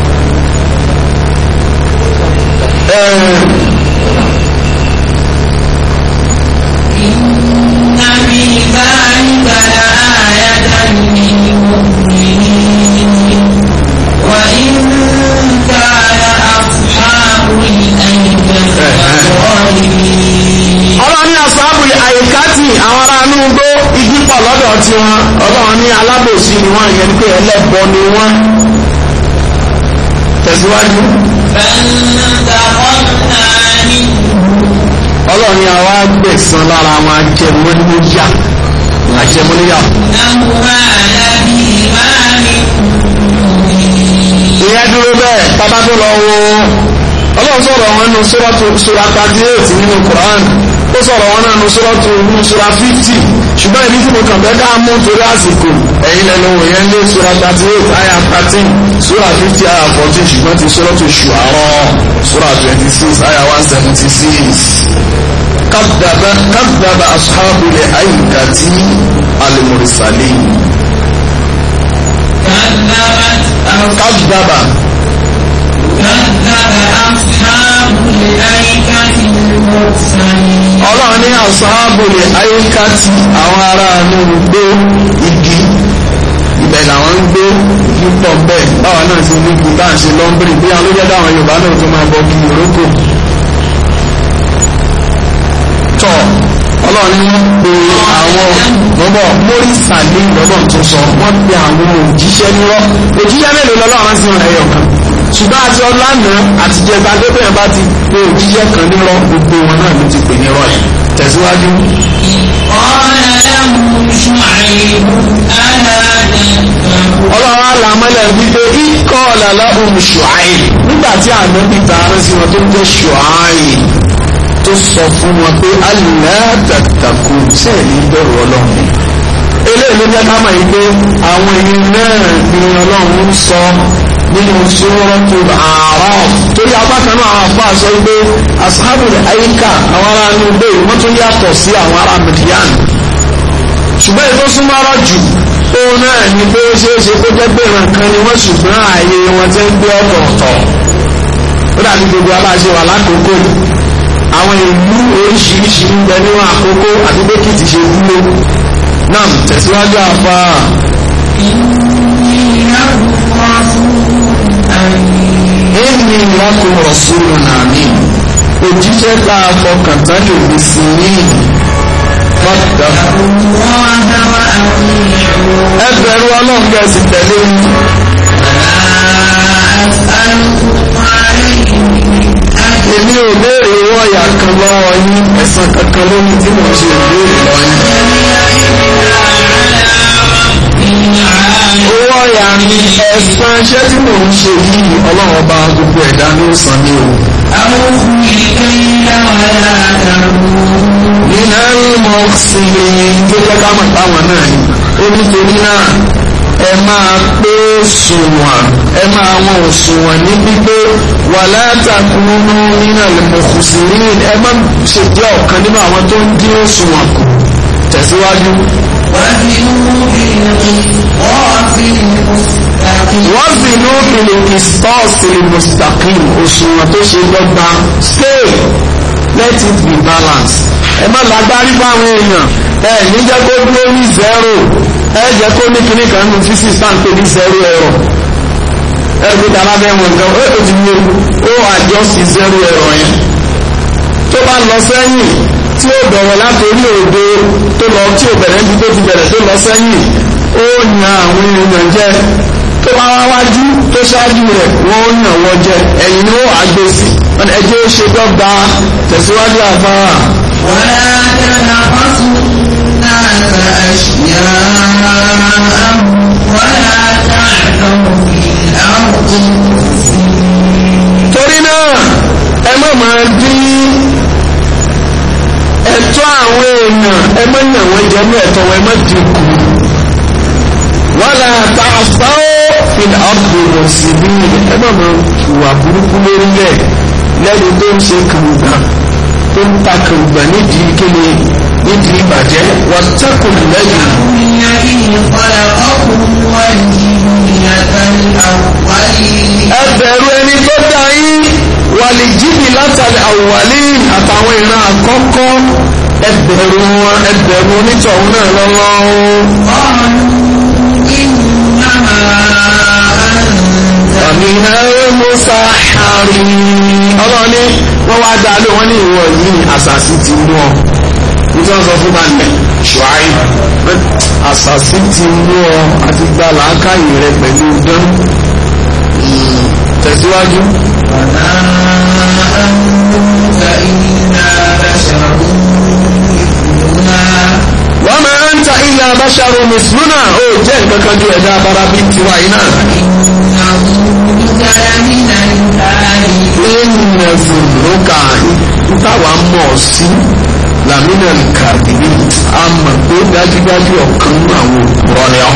S1: tí wọn ọlọ́run ní alábòsí ni wọ́n yẹn pé ẹlẹ́bọ ni tẹ̀síwájú. ọlọ́run ni àwa gbẹ̀sán lára àwọn ajẹmọ́níyà ajẹmọ́níyà. ìyẹn dúró bẹ́ẹ̀ bàbá tó lọ wo ọlọ́run sọ̀rọ̀ wọn nínú sura thirty eight nínú Quran ó sọ̀rọ̀ wọn náà nínú sura fifty ṣùgbọ́n ibi tí mo kàn bẹ́ ká mú torí àsìkò ẹ̀yin lẹ́nu wò yẹn ní sura thirty eight aya thirteen sura fifty aya fourteen ṣùgbọ́n ti sọ́rọ́ tó ṣù àárọ̀ sura twenty six aya one seventy six. kadaba ashabu le aikati al-mursalin. kadaba. kadaba ọlọ́run ní àṣàbòlè ayíkàtì àwọn ará àánú gbé igi ibẹ̀ làwọn ń gbé igi pọ̀ bẹ́ẹ̀ báwa náà ti ní igi bá ń ṣe lọ́ńbìrì bí àwọn olóyè dáwọn yorùbá náà tó máa bọ kí ìrókò tọ̀ ọlọ́run ní pé àwọn lọ́bọ̀ mórìsà ní lọ́bọ̀ tó sọ wọ́n pe àwọn òjíṣẹ́ nírọ́ òjíṣẹ́ mélòó lọ́lọ́run sì rán ẹyọ kan ṣùgbọ́n àti ọlànà àti jẹta gbẹ́gbẹ́ yẹn bá ti pé òjíṣẹ́ kan nírọ́ gbogbo wọn náà ló ti pè nírọ́ yẹn tẹ̀síwájú. ọlọ́run àlàmọ́lẹ̀ wípé ikọ̀ ọ̀làlá ohun ṣùáì nígbà tí ànábì ta ara sí wọn tó ń jẹ́ ṣùáì tó sọ fún wọn pé alẹ́ tàtàkù sẹ́ẹ̀lì bẹ̀rù ọlọ́run eléyìí ló jẹ́ ká mọ̀ yìí pé àwọn èèyàn náà ni ọlọ́run ń sọ nínú sórọ́tò àárọ̀ torí abákanú àwọn afọ àṣọ pé asábùrì àyíká àwọn ará inú ilé wọn tún yàtọ̀ sí àwọn ará mìdíyàn ṣùgbọ́n ètò súnmọ́rọ̀ jù òun náà ni pé ó ṣeé ṣe kó jẹ́ pé nǹkan ni wọ́n ṣùgbọ́n ààyè wọn ti ń gbé ọ̀tọ̀ọ̀tọ̀ ó dàbí gbogbo aláṣẹ wà lákòókò àwọn ìlú oríṣiríṣi ń bẹ nínú àkókò àti bẹ́kìtì ṣe wúlò náà tẹ̀síwájú àfa ẹni lakum rasulun amin òjíṣẹ́ tá a fọkàn tán lè fi sí yín pátá. ẹ bẹ̀rù ọlọ́run kẹ́ ẹ sì tẹ̀lé mi. èmi ò béèrè wọ́ọ̀yà kan lọ́wọ́ yín ẹ̀sán kankan lórí tí mo ṣe ìbéèrè lọ́yìn. lọ́wọ́ ya ni ẹ̀sán iṣẹ́ tí mò ń ṣe yìí ọlọ́run ọba gbogbo ẹ̀dá ní ìsàn ní o. àwọn ohun ìgbẹ́ yíyá wàhálà àtàwọn. nínú ẹ̀rọ ìsinmi tó kọ́kọ́ mọ̀ táwọn náà ni ó nítorí náà ẹ máa pé òṣùwọ̀n ẹ máa wọn òṣùwọ̀n ní pípé wà látàkùnú nínú ẹ̀lẹ́mọ̀kùsìrín ẹ má ṣe jẹ́ ọ̀kan nínú àwọn tó ń dín òṣùwọ̀n kù tẹ̀síwájú wazinu bil qistas al mustaqim òṣùwọ̀n tó ṣe dọ́gba Stay. let it be balanced ẹ má lágbárí fáwọn èèyàn ẹ ní jẹ́ kó dúró ní zero ẹ jẹ́ kó ní kíní kan ní physics tá ní zero ẹ̀rọ ẹ gbé dára bẹ́ẹ̀ wọ̀n gan ó ti ní o adjust zero ẹ̀rọ yẹn tó bá lọ sẹ́yìn tí ó bẹ̀rẹ̀ látòrí òde tó lọ tí ó bẹ̀rẹ̀ níbi tó ti bẹ̀rẹ̀ tó lọ sẹ́yìn ó na àwọn èèyàn jẹ tó bá wá wájú tó ṣáájú rẹ̀ wọ́n ó yàn wọ́n jẹ ẹ̀yìn ni ó àgbè sí ọ̀nà ẹjẹ́ ó ṣe dọ́gba tẹ̀síwájú àfáà. wọ́n á dáná fásù náà ta àṣìyá wọ́n á dáná ìlàwọ̀ torí náà ẹ má máa dín ẹ̀tọ́ àwọn èèyàn ẹ má yàn wọ́n jẹ ní ẹ̀tọ́ wọn ẹ má dín kù wọ́n là ta àṣàwọ̀ fìlà ọ̀pọ̀lọpọ̀ sí bí ẹ má máa wà burúkú lórí rẹ̀ lẹ́nu tó ń ṣe kàǹgbà tó ń ta kàǹgbà nídìí kíni nídìí ìbàjẹ́ wọ́n tẹ́kùn lẹ́yìn. àwọn èèyàn yìí padà ọkùnrin wọn ní ìyàtọ̀ àwọn àwòrán ẹ bẹ̀rù ẹni tó dá yín wàlì jíbi látàrí àwòwálé àtàwọn ìran àkọ́kọ́ ẹgbẹ̀rún wọn ẹgbẹ̀rún onítọ̀hún náà lọ́wọ́. Àmìnà Musa Hari. Ọlọ́run ní wọ́n wá dá lé wọ́n ní ìwọ yìí àṣàṣì ti mú ọ. Nítorí wọ́n sọ fún bá nẹ̀ ṣùáì. Àṣàṣì ti mú ọ àti gbà làákàyè rẹ pẹ̀lú dán. Hmm tẹ̀síwájú. wọ́n máa ń ta ilẹ̀ abáṣáró mùsùlùmá ó jẹ́ nǹkan kan ju ẹ̀dá abara bíi tiwa iná. Ìnà zùnúkà ntàwa mọ̀ sí làmínà kàdìbí àmọ̀ pé dájúdájú ọ̀kan àwọn òpùrọ̀ ni ọ́.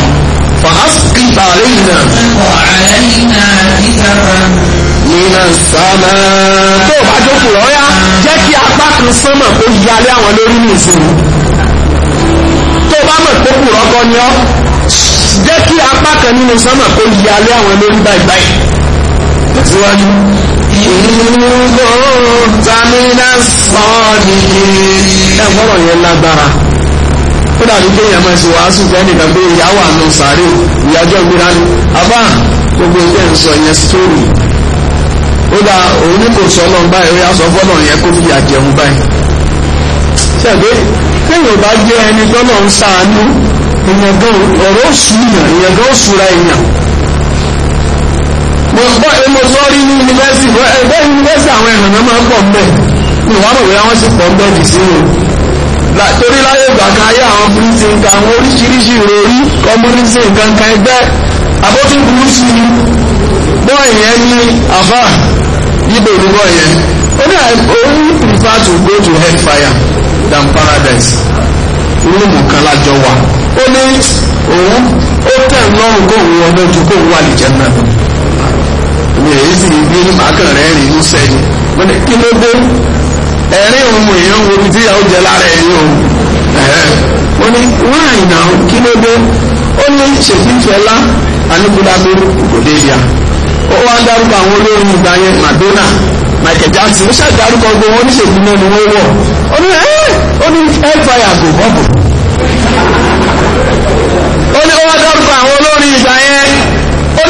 S1: فأسقط علينا وعلينا كتبا من السماء tó bá jókòó lọ yá jẹ́ kí apá kan sánmà kó yalé àwọn lórí ní ìsinmi tó apá kan nínú sánmà kó yalé àwọn lórí báyìí báyìí tẹ̀síwájú. ìlú ló ń ta ẹ̀ ń gbọ́dọ̀ yẹn lágbára ó dàbí pé èèyàn máa ṣe wàásù kẹ́nìkan pé ìyá wà nù sàárè ìyájọ́ gbéra ni abá gbogbo ẹgbẹ́ ń sọ yẹn sítórí ó dà òun ní kò sọ ọlọ́run báyìí ó yà sọ fọ́lọ́run yẹn kó fi àjẹun báyìí ṣẹ̀gbẹ́ kéèyàn ò bá jẹ́ ẹni tọ́lọ̀ ń sàánú èèyàn ọ̀rọ̀ òsù yàn èèyàn gan òsùra èèyàn mo gbọ́ mo sọ rí ní yunifásitì ẹgbẹ́ yunifásitì àwọn ẹ̀hàn náà máa ń pọ̀ mbẹ́ ìwárò wíwá wọn sì pọ̀ mbẹ́ dì sí wọn torí láyé ìgbà kan ayé àwọn burúkú nǹkan àwọn oríṣiríṣi ìròrí kọmúnísì nǹkan kan ẹgbẹ́ àbótí burú sí i yẹn ní àfà yíbo ní bọ́ọ̀ yẹn ó ní only prefer to go to hellfire than paradise rúùmù kan lájọ wa ó ní òun ó tẹ̀ lọ́rùn kó òun ọdún ju kó òun wà lìjẹ́ náà lọ ìyẹn èyí sì ní bí màákàn rẹ̀ rìn ní sẹ́yìn kí ló dé ẹ̀rín òun èèyàn wo ibi tí ìyàwó jẹ lára ẹ̀yìn òun ó ní wáì náà kí ló dé ó ní ṣèbífẹ́ lá anígbúdágbó kò dé ìyá ó wá dárúkọ àwọn olórin ìgbà yẹn Madonna Michael Jackson ó ṣàdárúkọ gbogbo wọn níṣègùn náà ni wọ́n wọ̀ ó ní ẹ́ ó ní airfire kò bọ́ọ̀bù ó ní ó wá dárúkọ àwọn olórin ìgbà yẹn ó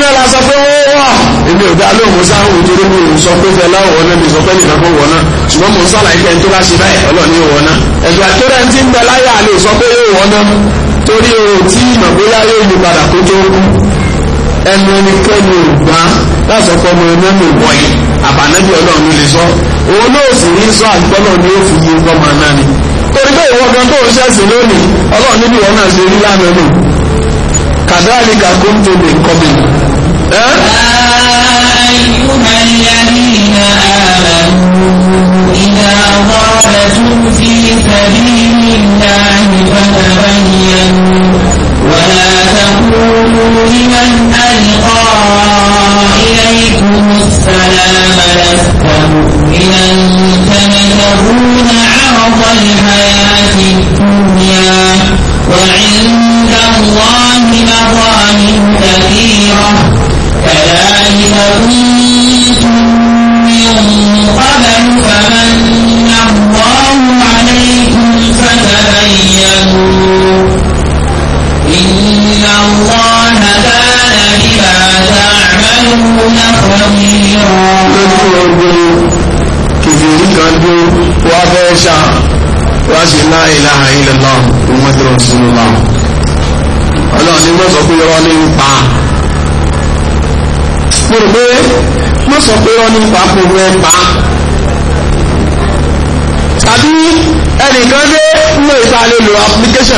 S1: náà la sọ pé wọ́n wọ̀ èmi ò dá lóhùn sáhùn torí mi ò sọ pé fẹ́ láwọn wọná mi sọ pé nìkan kó wọná ṣùgbọ́n mo ń sàlàyé pé ẹni tó bá ṣe báyìí ọlọ́ọ̀ ni wọná ẹ̀gbà tó rẹ̀ ń ti ń bẹ láyà lè sọ pé yóò wọná torí o tí ìmọ̀ pé láyé òyìnbó padà kó tó kú ẹnu ẹnikẹ́ni ò gbá lásọpọ̀ ọmọ ẹni ẹni ò wọ̀nyí àbànábì ọlọ́run lè sọ òun náà sì ní sọ àgbọ́nà ni ó fi yé gbọ́mọ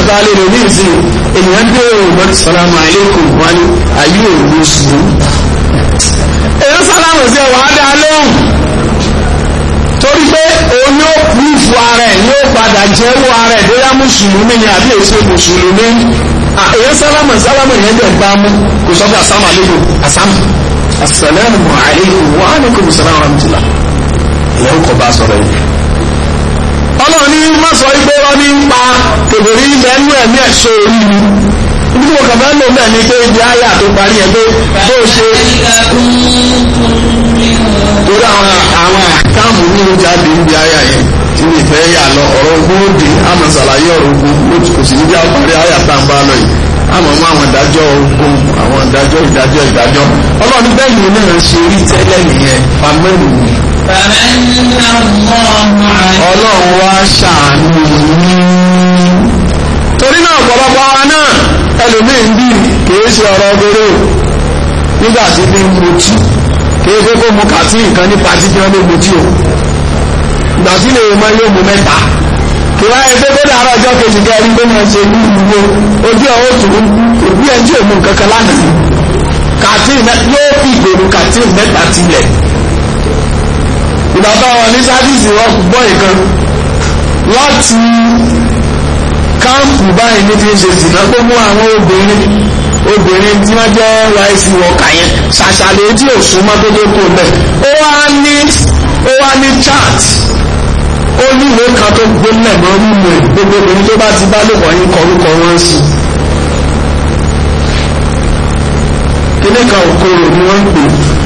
S1: bá lè lò ní ìsìn ènìyàn bèèrè ìwọ́n ti sàlámù àlékún wá ní ayé òun sùn. èyí sàlámù sí ẹwà á dá lóhùn torí pé òun yóò kú ìfú ara ẹ̀ yóò padà jẹ́wọ́ ara ẹ̀ bóyá mùsùlùmí ni àbí èso mùsùlùmí èyí sàlámù sàlámù yẹn dẹ̀ gbá mú kò sọ pé àsámù àlékún àsámù àsàlámù àlékún wà ní kò mùsàlámù àmì ọlọ́ọ̀ni ní má sọ ipé rọ́ ní pa tèbèrè ilẹ̀ ẹnu ẹ̀mí ẹ̀ṣọ́ orí ibi tí mo kàn fẹ́ lò mẹ́ẹ̀ ni pé ibi tó parí ẹ̀ pé bó ṣe torí àwọn àwọn àkáàmù nínú jáde yẹn tí mi fẹ́ yà lọ ọ̀rọ̀ òde àmọ̀ ọ̀rọ̀ kò níbi yìí àwọn ìdájọ́ ogun àwọn ìdájọ́ ìdájọ́ ìdájọ́ bẹ́ẹ̀ ọlọ́run wá ṣàánú yìí torí náà ọ̀pọ̀lọpọ̀ ara náà ẹlòmíì ń bí kìí ṣe ọ̀rọ̀ ọgọ́rọ̀ nígbà tí bí ń mutí kìí ṣe kó mu kàtí nǹkan tí lè mọ ní ìwúwo ojú ọ̀hún ìbàbá wa ní sádìsì wọn gbọ́ ìkan láti káàmpù báyìí ní ti ń ṣe ìsìnà pé mú àwọn obìnrin obìnrin tí wọ́n jẹ́ yc wọ̀kà yẹn ṣàṣàlẹ̀ tí ò súnmọ́ tó tó kó bẹ̀ ó wá ní ó wá ní chat ó ní ìwé kan tó gbólẹ̀ mọ́ nínú ẹ̀ gbogbo obìnrin tó bá ti bá lè wọ̀ yín kọrúkọ wọn sí kíní kan òkòrò ni wọ́n ń pè é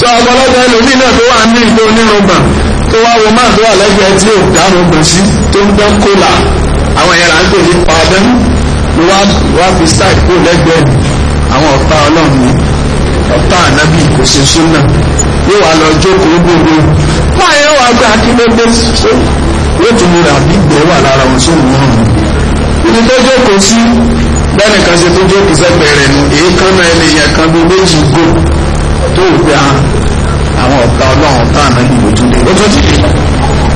S1: sọ ọ̀pọ̀lọpọ̀ ẹlòmíì náà tó wà ní ìlú onírúgbà tó wá wo máa tó wà lẹ́gbẹ̀ẹ́ tí ò dáhùn gbọ̀n sí tó ń dán kólà àwọn yẹn là ń pè ní pàdán ló wá wá fi sáì kó lẹ́gbẹ̀ẹ́ àwọn ọ̀tá ọlọ́run ọ̀tá ànábì kò ṣe súnà yóò wá lọ jókòó gbogbo máa yẹn wá gbé akíndéńdé sọ yóò tún múra bí ìgbẹ́ wà lára wọn sóhun náà ibi tó jókòó sí bẹ́ẹ̀ nìkan ṣe tó jókòó sẹ́gbẹ̀ẹ́ rẹ̀ nù èékánná ẹni yẹn kan bí méjì gbòó tó o gbé àwọn ọ̀gá ọlọ́run tá àná ní ìwòjú lé ó ti lè.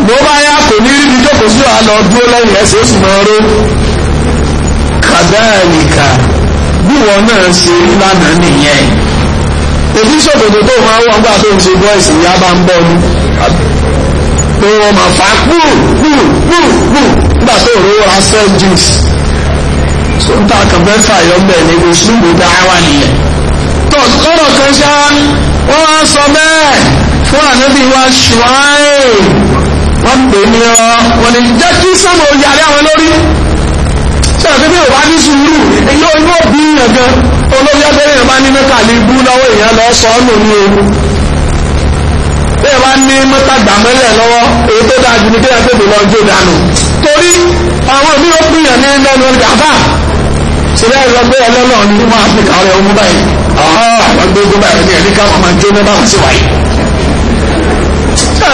S1: bó bá yá kò ní rí ibi jókòó sí wàá lọ dúró lẹ́yìn ẹsẹ̀ ó sì máa ró kàdáàlìkà bí wọn náà ṣe lánàá nìyẹn èyí ṣòkòtò tó máa wọ́n gbà tó ń ṣe bọ́ìsì ìyá bá ń bọ́ ni pé wọ́n máa fà á kúrò kúrò kúrò kúrò nígbà tó òróró aṣọ jeans tó ń ta kàn fẹ́ fàyọ́ bẹ̀ ní oṣù gbogbo àwa nìyẹn kọ́rọ̀ kan ṣá wọ́n wá sọ bẹ́ẹ̀ fún ànábì wa ṣùwáì wọ́n pè mí ọ wọ́n lè jẹ́ kí sọ́mọ yàrá àwọn lórí ṣé àti bí yorùbá ní sùúrù èyí ó yóò bí yàn gan olóyè abẹ́rẹ́ yẹn bá ní mẹ́ta lè bú lọ́wọ́ èèyàn lọ sọ ọ́ lòun o bẹ́ẹ̀ bá ní mẹ́ta gbàmọ́lẹ̀ lọ́wọ́ èyí tó dáa jù ní kéèyàn tó lè lọ jó dànù torí àwọn èmi ó wọ́n gbé ogun báyìí ẹni ká máa jóná bá wọn sí wáyé. Ṣé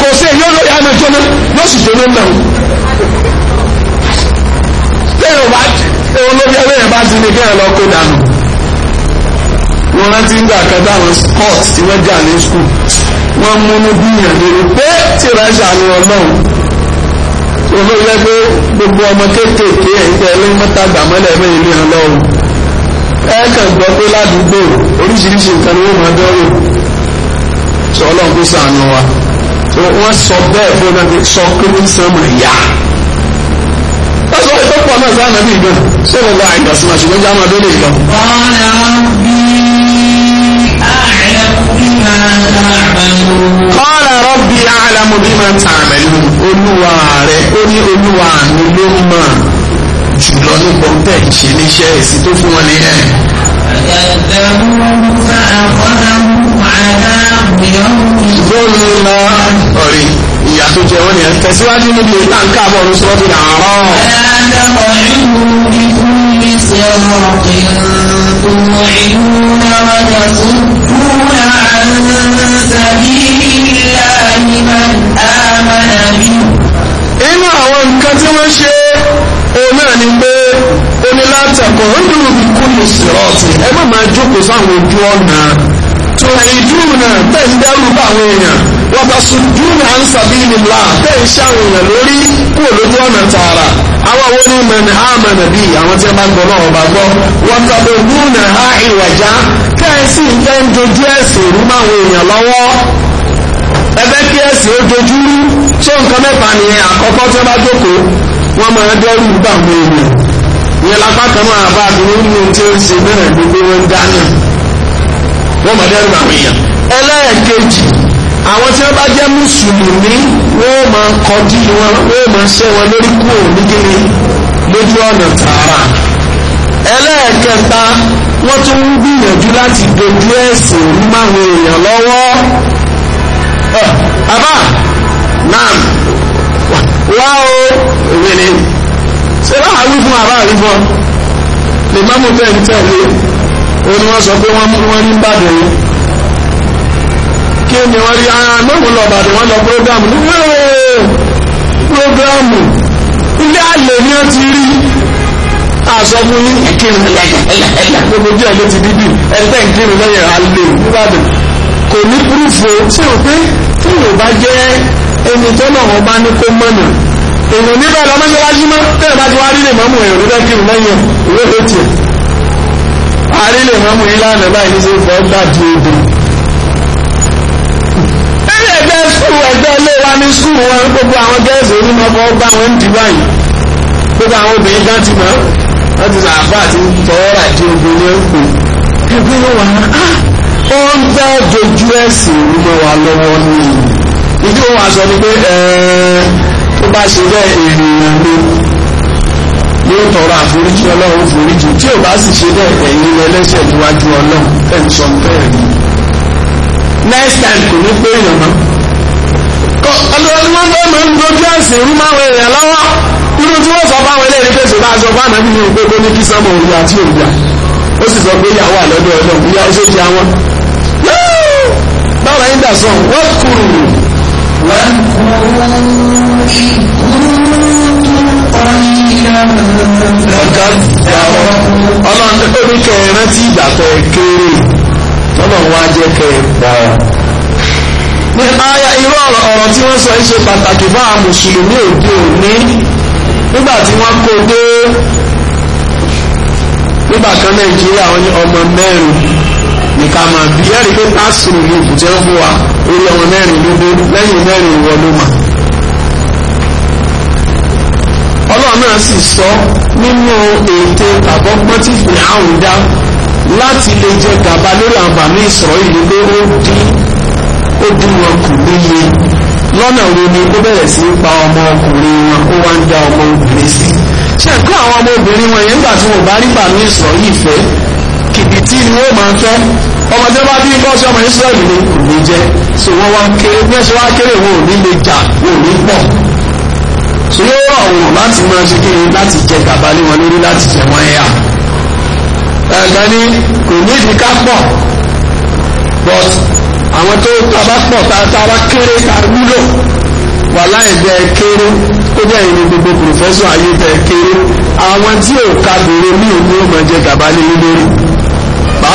S1: kò sí èyí olóyè àmọ́ jóná yóò sì jóná náà. Lẹ́yìn ọba olóyè ẹlẹ́yìn bá ti ní kí ẹ lọ kó dànù. Wọ́n rántí nígbà kan dáhùn sport tí wọ́n jà ní skul. Wọ́n múnú gbìyànjú pé tí ìrẹ́ ṣàánú ọlọ́run. Olóyè pé gbogbo ọmọ kéékèèké ẹ̀yìn tẹ́lẹ̀ mọ́tàgbàmọ́lẹ̀ mẹ́rin ní ọlọ́run ẹ̀ẹ́kàn gbọ́ pé ládùúgbò oríṣiríṣi nǹkan ni wọ́n máa dọ́rọ̀ sọ ọlọ́run kó sàánú wa wọ́n sọ bẹ́ẹ̀ fún ọ̀nà pé sọ pé ní sàmù ìyá wọ́n sọ pé pọ̀ náà sáà nàbí ìgbẹ́ sọ̀rọ̀ bá àìgbà sí màá ṣùgbọ́n jáma lórí ìlọ. kọ́lá rọ́bì àlẹ́ mo bí máa tààmẹ́lú olúwa rẹ̀ ó ní olúwa mi ló máa jùlọ nípa ń tẹ̀ ṣe níṣẹ́ èsì tó fún wọn ní ẹ̀. gómìnà ọ̀rí ìyá tó jẹ wọ́n ni ẹ̀ tẹ̀síwájú níbi ìta ń káàbọ̀ ní sọ́ọ́tì àárọ̀. Inú àwọn nǹkan tí wọ́n ṣe ni pé ó ní látẹ̀kọ̀ ó dùn bí kú ní sírọ́ọ̀tì ẹ má máa jókòó sáwọn ojú ọ̀nà tó ìdúró náà bẹ́ẹ̀ ń dẹ́rù bá àwọn èèyàn wọ́n bá sùn dúró náà ń sàbí nìlá bẹ́ẹ̀ ń ṣàwọn èèyàn lórí kúrò lójú ọ̀nà tààrà àwọn wo ni mẹ̀nà á mẹ̀nà bíi àwọn tí a bá ń gbọ́ náà wọ́n bá gbọ́ wọ́n tàbí ogún náà á ìwàjá kẹ́ẹ̀sì ń fẹ́ ń dojú ẹ̀sìn rú máwọn èèyàn lọ́wọ́ ẹgbẹ́ kí ẹ̀sìn ó dojú rú tó nǹkan mẹ́ta nìyẹn àkọ́kọ́ tí wọ́n wọ́n máa dẹ́rù bá àwọn èèyàn ìyẹn lápá kan máa bá àbí nínú tí ó ń ṣe bẹ́ẹ̀ gbogbo wọn dáná wọ́n máa dẹ́rù bá àwọn èèyàn. ẹlẹ́ẹ̀kejì àwọn tí wọ́n bá jẹ́ mùsùlùmí wọ́n máa kọjú wọn wọ́n máa ṣẹ́ wọn lórí kúrò nígbìrì lójú ọ̀nà tààrà ẹlẹ́ẹ̀kẹta wọ́n tún ń gbìyànjú láti dojú ẹ̀sìn máwọn èèyàn lọ́wọ́ àbá náà wá o ìrìnì ṣé báà rí fún àbá rí fún ọ lè má mú tẹ́lẹ̀ tẹ́lẹ̀ o ni wọ́n sọ pé wọ́n mú wọn ní Ìbàdàn yìí kí ni wọ́n rí ara ah, mẹ́wọ̀n lọ Ìbàdàn wọ́n lọ prógámù wéèrè prógámù ilé àlè ni ó ti rí àṣọ fún yín ìkírun gbogbo díẹ̀ ló ti dídì ẹgbẹ́ ìkírun lẹ́yìn àlè Ìbàdàn kò ní púrúfù tí ò pé tí ò bá jẹ́ ẹni tọ́lọ̀ wọn bá ní kó mọ̀nà èèyàn níbẹ̀ lọ mọ́ṣáláṣí mọ́ tẹ́lẹ̀ bá ti wá rí lè mọ́mù ẹ̀rọ rẹ̀ kí lẹ́yìn ìwé ètì àárí lè mọ́mù ìlànà báyìí ní sí fọ́ gbà di odò ẹni ẹgbẹ́ skul ẹgbẹ́ ilé wa ní skul wọn gbogbo àwọn gẹ́ẹ̀sì onímọ̀ fọ́ gbà wọn dì báyìí gbogbo àwọn obìnrin kan ti mọ́ wọ́n ti sàfà àti tọ́ọ̀rà di odò ní ẹ̀kọ́ ẹgbẹ́ wa ah, ó ń bẹ́ẹ̀ dojú ẹ̀sìn ìlú wa lọ́wọ́ ní ìlú ìdí òun àṣọ ni pé tó bá ṣe bẹ́ẹ̀ ènìyàn ni yóò tọrọ àforíjì ọlọ́run foríjì tí ò bá sì ṣe bẹ́ẹ̀ ẹ̀yin ẹlẹ́ṣẹ̀ níwájú ọlọ́run ẹ̀mí sọ bẹ́ẹ̀ ni next time kò ní pé èèyàn mọ́ kọ ọlọ́run wọn bẹ́ẹ̀ máa ń dojú ẹ̀sìn rú máwọn èèyàn lọ́wọ́ irú tí wọ́n sọ fáwọn eléyìí pé sọ bá sọ fún àná nínú pé ní kí sọmọ òru àti òrùà ó sì sọ pé ìyàwó àlọ́dọ̀ ọlọ́run ìyá ó àwọn báwọn ayé ọlọ́run ní aya irú ọ̀rọ̀ tí wọ́n sọ ṣe pàtàkì bá mùsùlùmí òde òní nígbà tí wọ́n kó dé nígbà kan nàìjíríà wọn ní ọmọ mẹ́rin nǹkan máa bí ẹ̀rí pé pásítọ̀ ní ìbùjẹ́ fún wa orí ọmọ mẹ́rin lógún lẹ́yìn mẹ́rin ìwọ ló mà. ọlọ́run náà sì sọ nínú ète àbọ́gbọ́n tí fi hàn dá láti lè jẹ gàba lórí àwọn bàmí ìsọ̀rọ̀ yìí pé ó dín ó dín wọn kù níye lọ́nà wo ni ó bẹ̀rẹ̀ sí í pa ọmọ ọkùnrin wọn ó wá ń dá ọmọ obìnrin sí. ṣé ẹ̀kọ́ àwọn ọmọ obìnrin wọn yẹn nígbà tí wọn bá rí bàmí ìsọ̀rọ̀ yìí fẹ́ kìbìtì ni wọ́n máa ń fẹ́ ọmọ tí wọ́n bá bí bọ́ sí ọmọ Israẹli ni kò ní jẹ́ so wọ́n wá ń kéré bí ẹ̀ṣẹ̀ wá kéré wọn ò ní lè jà wọn ò ní pọ̀ so yóò rọ̀ wọ́n láti máa ṣe kí ni láti jẹ gàba lé wọn lórí láti jẹ wọn ẹ̀yà ẹ̀ka ni kò ní ìdí ká pọ̀ but àwọn tó tabá pọ̀ tàbá kéré ta wúlò wà láì jẹ kéré ó jẹ́ ìní gbogbo pòfẹ́sọ̀ ayé jẹ kéré àwọn tí ò ka bèrè mí ò ní ó jẹ gàba lé lórí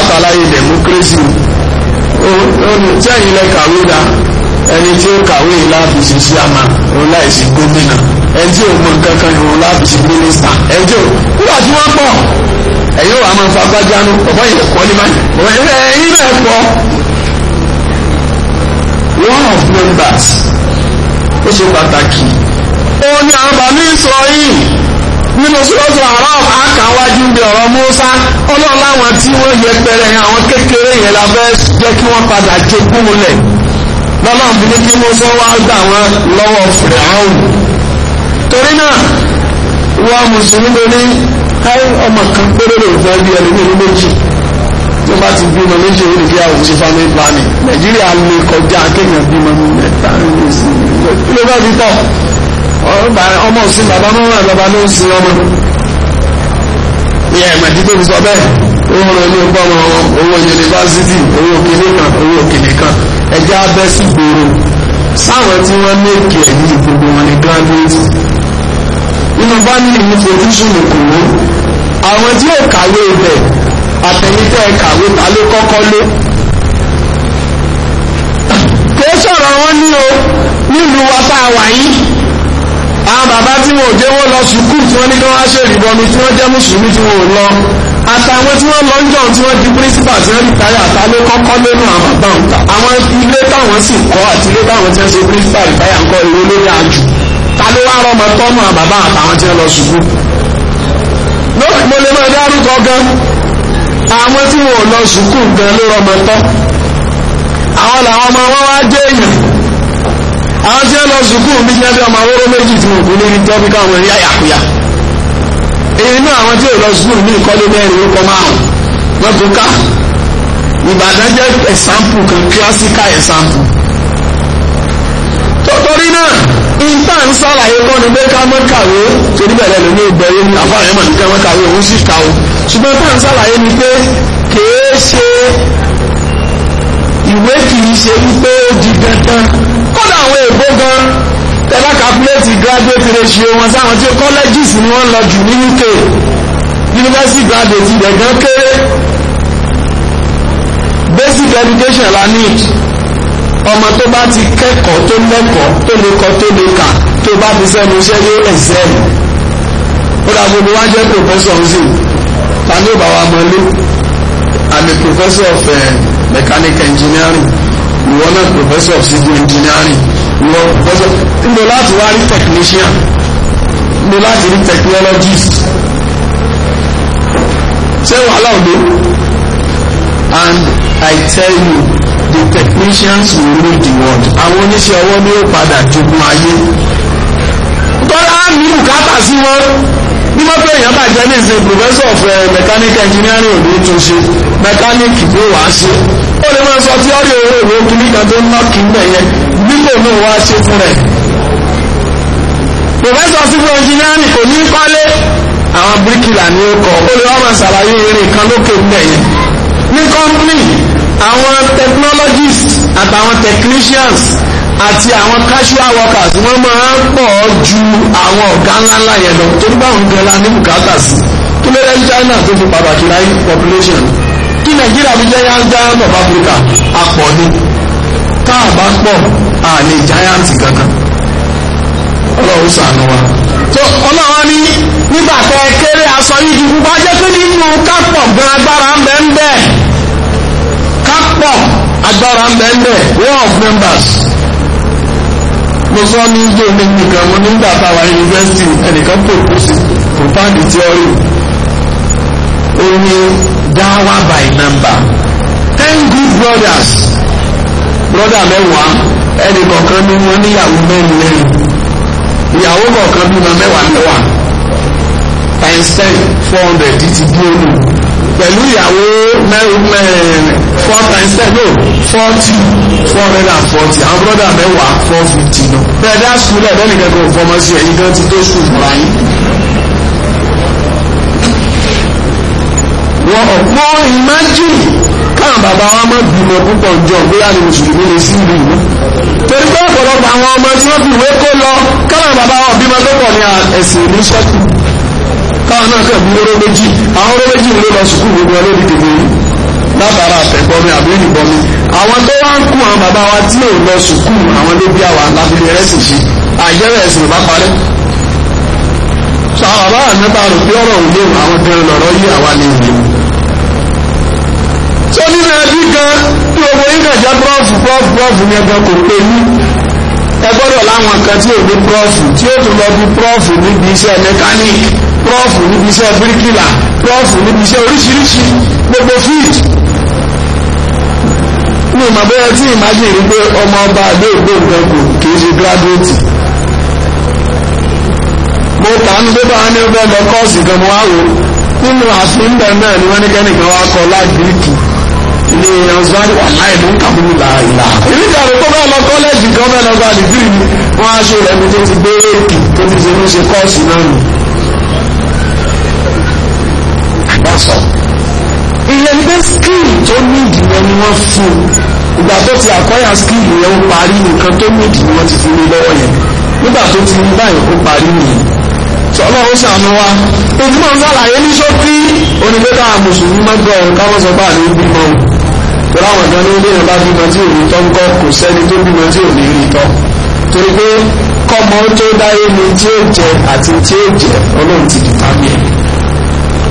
S1: àtàláyé democracy sẹ́yìn lẹ kàwé la ẹni tí ó kàwé yìí láàfíìsì sí àmà òun láìsí gómìnà ẹni tí ò mọ nǹkan kan òun láàfíìsì mínísítà ẹni tí ò wúwà tí wọ́n pọ̀ ẹ̀yin wà máa fa gbájánu ọ̀bọ̀n yìí kọ́ ní báyìí ọ̀bọ̀n yìí ẹ̀yin náà pọ̀ one of members ó ṣe pàtàkì ó ní àbámi sọ yìí nínú sọ́sọ́ àrọ́ àká níbi ọ̀rọ̀ Musa ọlọ́run láwọn tí wọ́n yẹ pẹrẹ yẹn àwọn kékeré yẹn la fẹ́ jẹ́ kí wọ́n padà jogún lẹ̀ lọ́lọ́run fi ní kí Musa wá gbà wọ́n lọ́wọ́ Fìràhùn torí náà wà mùsùlùmí ní káyọ̀ ọmọ kan péré lè fẹ́ bí ẹlòmíràn méjì tó bá ti bímọ méjì ó lè fi àwọn òṣìṣẹ́ family planning Nàìjíríà lè kọjá kéèyàn bímọ mẹ́ta ló bá ti tọ̀ ọmọ òsín bàbá mọ́wọ́n bàbá ló ń sin ọmọ ìyá ẹ̀mọ̀ ìdílé mi sọ bẹ́ẹ̀ owó rẹ̀ ní ọgbọ́n owó yunifásitì owó kìnì kan owó kìnì kan ẹjẹ́ abẹ́ sí gbòòrò sáwọn tí wọ́n méèkì ẹ̀ ní gbogbo wọn ní graduate nínú fámìlì mi tradition kùnú àwọn tí yóò kàwé ibẹ̀ àtẹ̀yìntẹ́ kàwé ta ló kọ́kọ́ lé kò sọ̀rọ̀ wọn ní o nílùú wa tá a wà yìí àwọn bàbá tí wọn ò jẹ́ wọ́n lọ sùkúù tí wọ́n ní kí wọ́n á ṣe ìbọnú tí wọ́n jẹ́ mùsùlùmí tí wọn ò lọ àtàwọn tí wọ́n lọ ń jọun tí wọ́n di pírísìpà tí wọ́n rìtáyà àtàlẹ́ kọ́kọ́ lẹ́nu àwọn bàbá òǹkà àwọn ilé táwọn sì kọ́ àti ilé táwọn tí wọ́n ṣe pírísìpà rìtáyà ń kọ́ ìwé lórí àjù ta ló wá rọmọ tọ́nu àbàbá àtàwọn tí wọ́n lọ sùkúù lórí mo lè máa dárúkọ gan àwọn tí wọn ò lọ sùkúù gan ló rọmọ tọ́ àwọn làwọn ọmọ wọn wá jẹ́ èèyàn àwọn tí ó lọ sùkúù bí jẹ́ bí ọmọ awóró méjì tí wọn kò lórí tọ́ bí káwọn ẹ̀rí àyàkúyà inú àwọn tí ó lọ sùkúù ní ìkọ́lé mẹ́rin ó kọ́ márùn wọ́n tó ká Ìbàdàn jẹ́ ẹ̀sàmpù kan kílásíkà ẹ̀sàmpù torí náà ìta ń sàlàyé kọ́ ni pé ká mọ́ kàwé torí bẹ̀rẹ̀ ló ní ìbẹ̀rẹ̀ ní àfáàrẹ́ mọ̀ ní ká kàwé kódà àwọn èèbó gan tẹ́lá calculate graduate ratio wọn sáwọn tí ó colleges ni wọ́n lọ jù ní UK university graduate ibẹ̀ gan kéré basic education la need ọmọ tó bá ti kẹ́kọ̀ọ́ tó lẹ́kọ̀ọ́ tó lè kọ́ tó lè kà tó bá fi sẹ́nu iṣẹ́ ní exam ó dàbí wá jẹ́ professor nzin ta ni ó bá wa mọ ilé i'm a professor of uh, mechanical engineering ìwọ náà professor of civil engineering ìwọ professor níbo láti wá rí technician níbo láti rí technologist ṣé wàhálà òde and I tell you the technicians will rule the world àwọn oníṣẹ́ ọwọ́ ni ó padà jogún ayé kọ́lá mi bùkátà sí wọn mọ́tò èèyàn bàjẹ́ ní ìsìn professor of eh, mechanic engineering òní tún ṣe mechanic ló wàá ṣe ó lè máa sọ tíọ́rì owó ìwé kìíní kan tó ń ná kìí bẹ̀ yẹn nígbò náà wàá ṣe fún rẹ̀ professor civil engineering kò ní kọ́lé àwọn bíríkìlà ni ó kọ́ ó lè wá máa ṣàlàyé eré kan lókè ń bẹ̀ yẹn ní company àwọn technologists àtàwọn technicians àti àwọn casual workers wọ́n máa ń pọ̀ ju àwọn ọ̀gá ńláńlá yẹn lọ tó bá òun ní bukata sí kí ló dé China tó fi pàtàkì láyé population kí Nàìjíríà fi jẹ́ yáńgá bàbá africa ni tá a bá pọ̀ giant kankan ọlọ́run wa tó ọlọ́run ní nígbà tẹ kéré aṣọ yìí mo sọ ní ìjọ mi nìkan mo nígbà táwa yunifásitì ẹnìkan pòpòsì pòpáàdì theory. ó ní dáwà by number ten good brothers brother mẹ́wàá ẹnì kọ̀ọ̀kan ní wọn níyàwó mẹ́rin mẹ́rin ìyàwó kọ̀ọ̀kan bímọ mẹ́wàá mẹ́wàá times ten four hundred ti di olùkọ́ pẹ̀lú ìyàwó mẹ́rin four times ten no forty four hundred and forty àwọn brọ́dà mẹ́wàá four fifty lọ. bẹ́ẹ̀ dá sùúrù ẹ̀ lẹ́nu kẹ́kọ̀ọ́ fọmọ sí ẹ̀yin gan ti tó sùn fúnra yín. wọ́n ọ̀pọ̀ imagine káwọn bàbá wa máa bímọ púpọ̀ jọ bóyá ni mùsùlùmí lè sí ìlú ìlú. torí pé ọ̀pọ̀lọpọ̀ àwọn ọmọ tí wọ́n fi ìwé kó lọ káwọn bàbá wa bímọ tó pọ̀ ní ẹ̀sìn ìlú sẹ́kù táwọn náà kẹ́ bí oró méjì àwọn oró méjì ló lọ sùkúù gbogbo ẹ lórí dèbè látara àtẹ̀gbọ́ mi àbí ìbọn mi àwọn tó wá ń kú àwọn bàbá wa tí ò lọ sùkúù àwọn ló bí àwa lábílẹ̀ rẹ̀ sì ṣe àjẹrẹ̀ ẹ̀sìn bá parẹ́ sàrà báà nípa rò pé ọ̀rọ̀ òde àwọn obìnrin lọ̀rọ̀ yí àwa ní ìlú tó nínú ẹbí gan tí owó yíká jẹ́ prọ́fù prọ́fù prọ́fù kò pé ní ẹ láwọn kan tí ò ní prọ́fù tí ó tún lọ bí prọ́fù níbi iṣẹ́ mẹkáníìkì prọ́ọ̀fù níbi iṣẹ́ bíríkìlà prọ́ọ̀fù níbi iṣẹ́ oríṣiríṣi gbogbo fíìd ní ìmọ̀bẹ́rẹ́ tí ìmájì rí pé ọmọ ọba àgbéògbò ìgbẹ́kù kìí ṣe gíráduétì mo kàánú pé báwọn ní ọgbẹ́ lọ kọ́ọ̀sì kan mo wá wò nínú àfihàn náà ni wọ́n ní kẹ́nìkan wá kọ́ lágbíríkì ní ọ̀sán wà láì mú kàbúrú làálà. ìrìnjà rẹ̀ tó bá lọ kọ́lẹ́jì kan bẹ́ẹ̀ lọ́gbà nìbírí ni wọ́n á ṣe rẹ̀ mi tó ti gbé èkì tó ti ṣe ní ṣe kọ́ọ̀sì náà nù bá sọ ìyẹn ní pé skill tó ní ìdìbò ni wọ́n fún ìgbà tó ti àkọ́yà skill yẹn ó parí nǹkan tó ní ìdìbò wọn ti fi lé lọ́wọ́ yẹn nígbà tó ti ní báyìí ó parí nìyẹn sọlá ó ṣàánú wa ojúmọ̀ ń sàlàyé ní ṣókí onígbẹ́ta mùsùlùmí mọ́gbọ́ káwọn sọ bá ní bímọ torí àwọn ìgbà ní ilé bá bímọ tí òní tọ́ ń kọ́ kò sẹ́ni tó bímọ tí òní rí tọ́ torí pé kọ́mọ tó dáyé ni tí ó jẹ àti tí ó jẹ ọlọ́run ti dìtà mí ẹ̀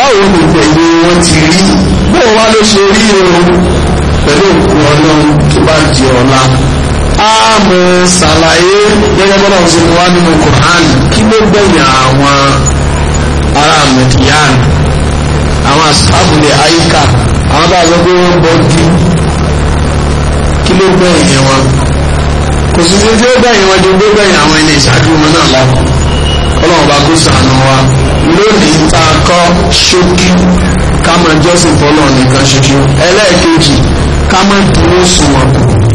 S1: báwo ni ìgbẹ̀yìn wọn ti rí bó wá ló ṣe rí o pẹ̀lú òkú ọlọ́run tó bá di ọ̀la a mọ ṣàlàyé gẹ́gẹ́ bọ́lá ọ̀sẹ̀ tó nínú Qur'an kí ló gbẹ̀yìn àwọn ará mẹ̀tíyàn àwọn àṣàbùlẹ̀ àyíká àwọn bá wọ́n bọ́ di kí ló gbẹ̀yìn wọn kò ṣe tí ọlọ́run bá kó sànù wa lónìí tá a kọ́ ṣókí ká máa jọ́sìn fọlọ́ nìkan ṣoṣo ẹlẹ́ẹ̀kejì ká máa dúró sùnwọ̀n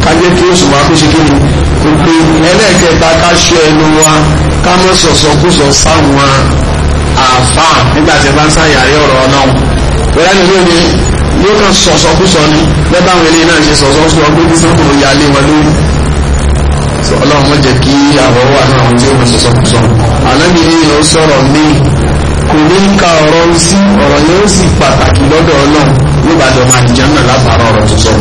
S1: ká jẹ́ kí ó sùn wá kó ṣe kí ni kó pé ẹlẹ́ẹ̀kẹta ká ṣe ẹnu wa ká má sọ̀sọ̀kúsọ sáwọn àáfà nígbà tí ẹ bá ń ṣàyàrí ọ̀rọ̀ náà wẹ́rẹ́ nínú mi yóò kàn sọ̀sọ̀kúsọ ni lẹ́bàá àwọn eléyìí náà ṣe sọ̀sọ̀kúsọ pé kí sọ ọlọ́run má jẹ́ kí àwọ̀ wà náà àwọn tí ó mọ̀ sọ̀sọ̀ sọ̀ ànábì ní ìyẹn ó sọ̀rọ̀ mí kò ní ka ọ̀rọ̀ sí ọ̀rọ̀ yẹn ó sì pàtàkì lọ́dọ̀ ọlọ́run nígbàdàn máa jẹun náà látara ọ̀rọ̀ sọ̀sọ̀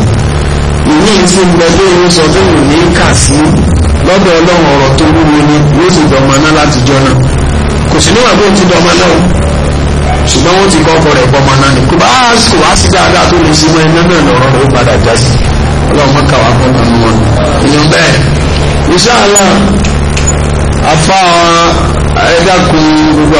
S1: ìní ìsí gbẹ̀lẹ́ ìwé sọ tó wù ní kà sí lọ́dọ̀ ọlọ́run ọ̀rọ̀ tó wúwo ni yóò sì dọ̀mọ náà látijọ́ náà kò sí níwà bóun ti dọ̀mọ náà ṣùgbọ́n wọ́n ti kọ́ ọkọ rẹ̀ pọ̀ ọmọ náà ni kò bá kò wá sí dáadáa tó lè sí mọ́ ẹ̀mẹ́ náà lọ́rọ̀ ló padà já sí ọlọ́run mọ́kà wá pọ̀ nínú wọn ìyẹn bẹ́ẹ̀ inshallah afa ẹ̀dá kun gbogbo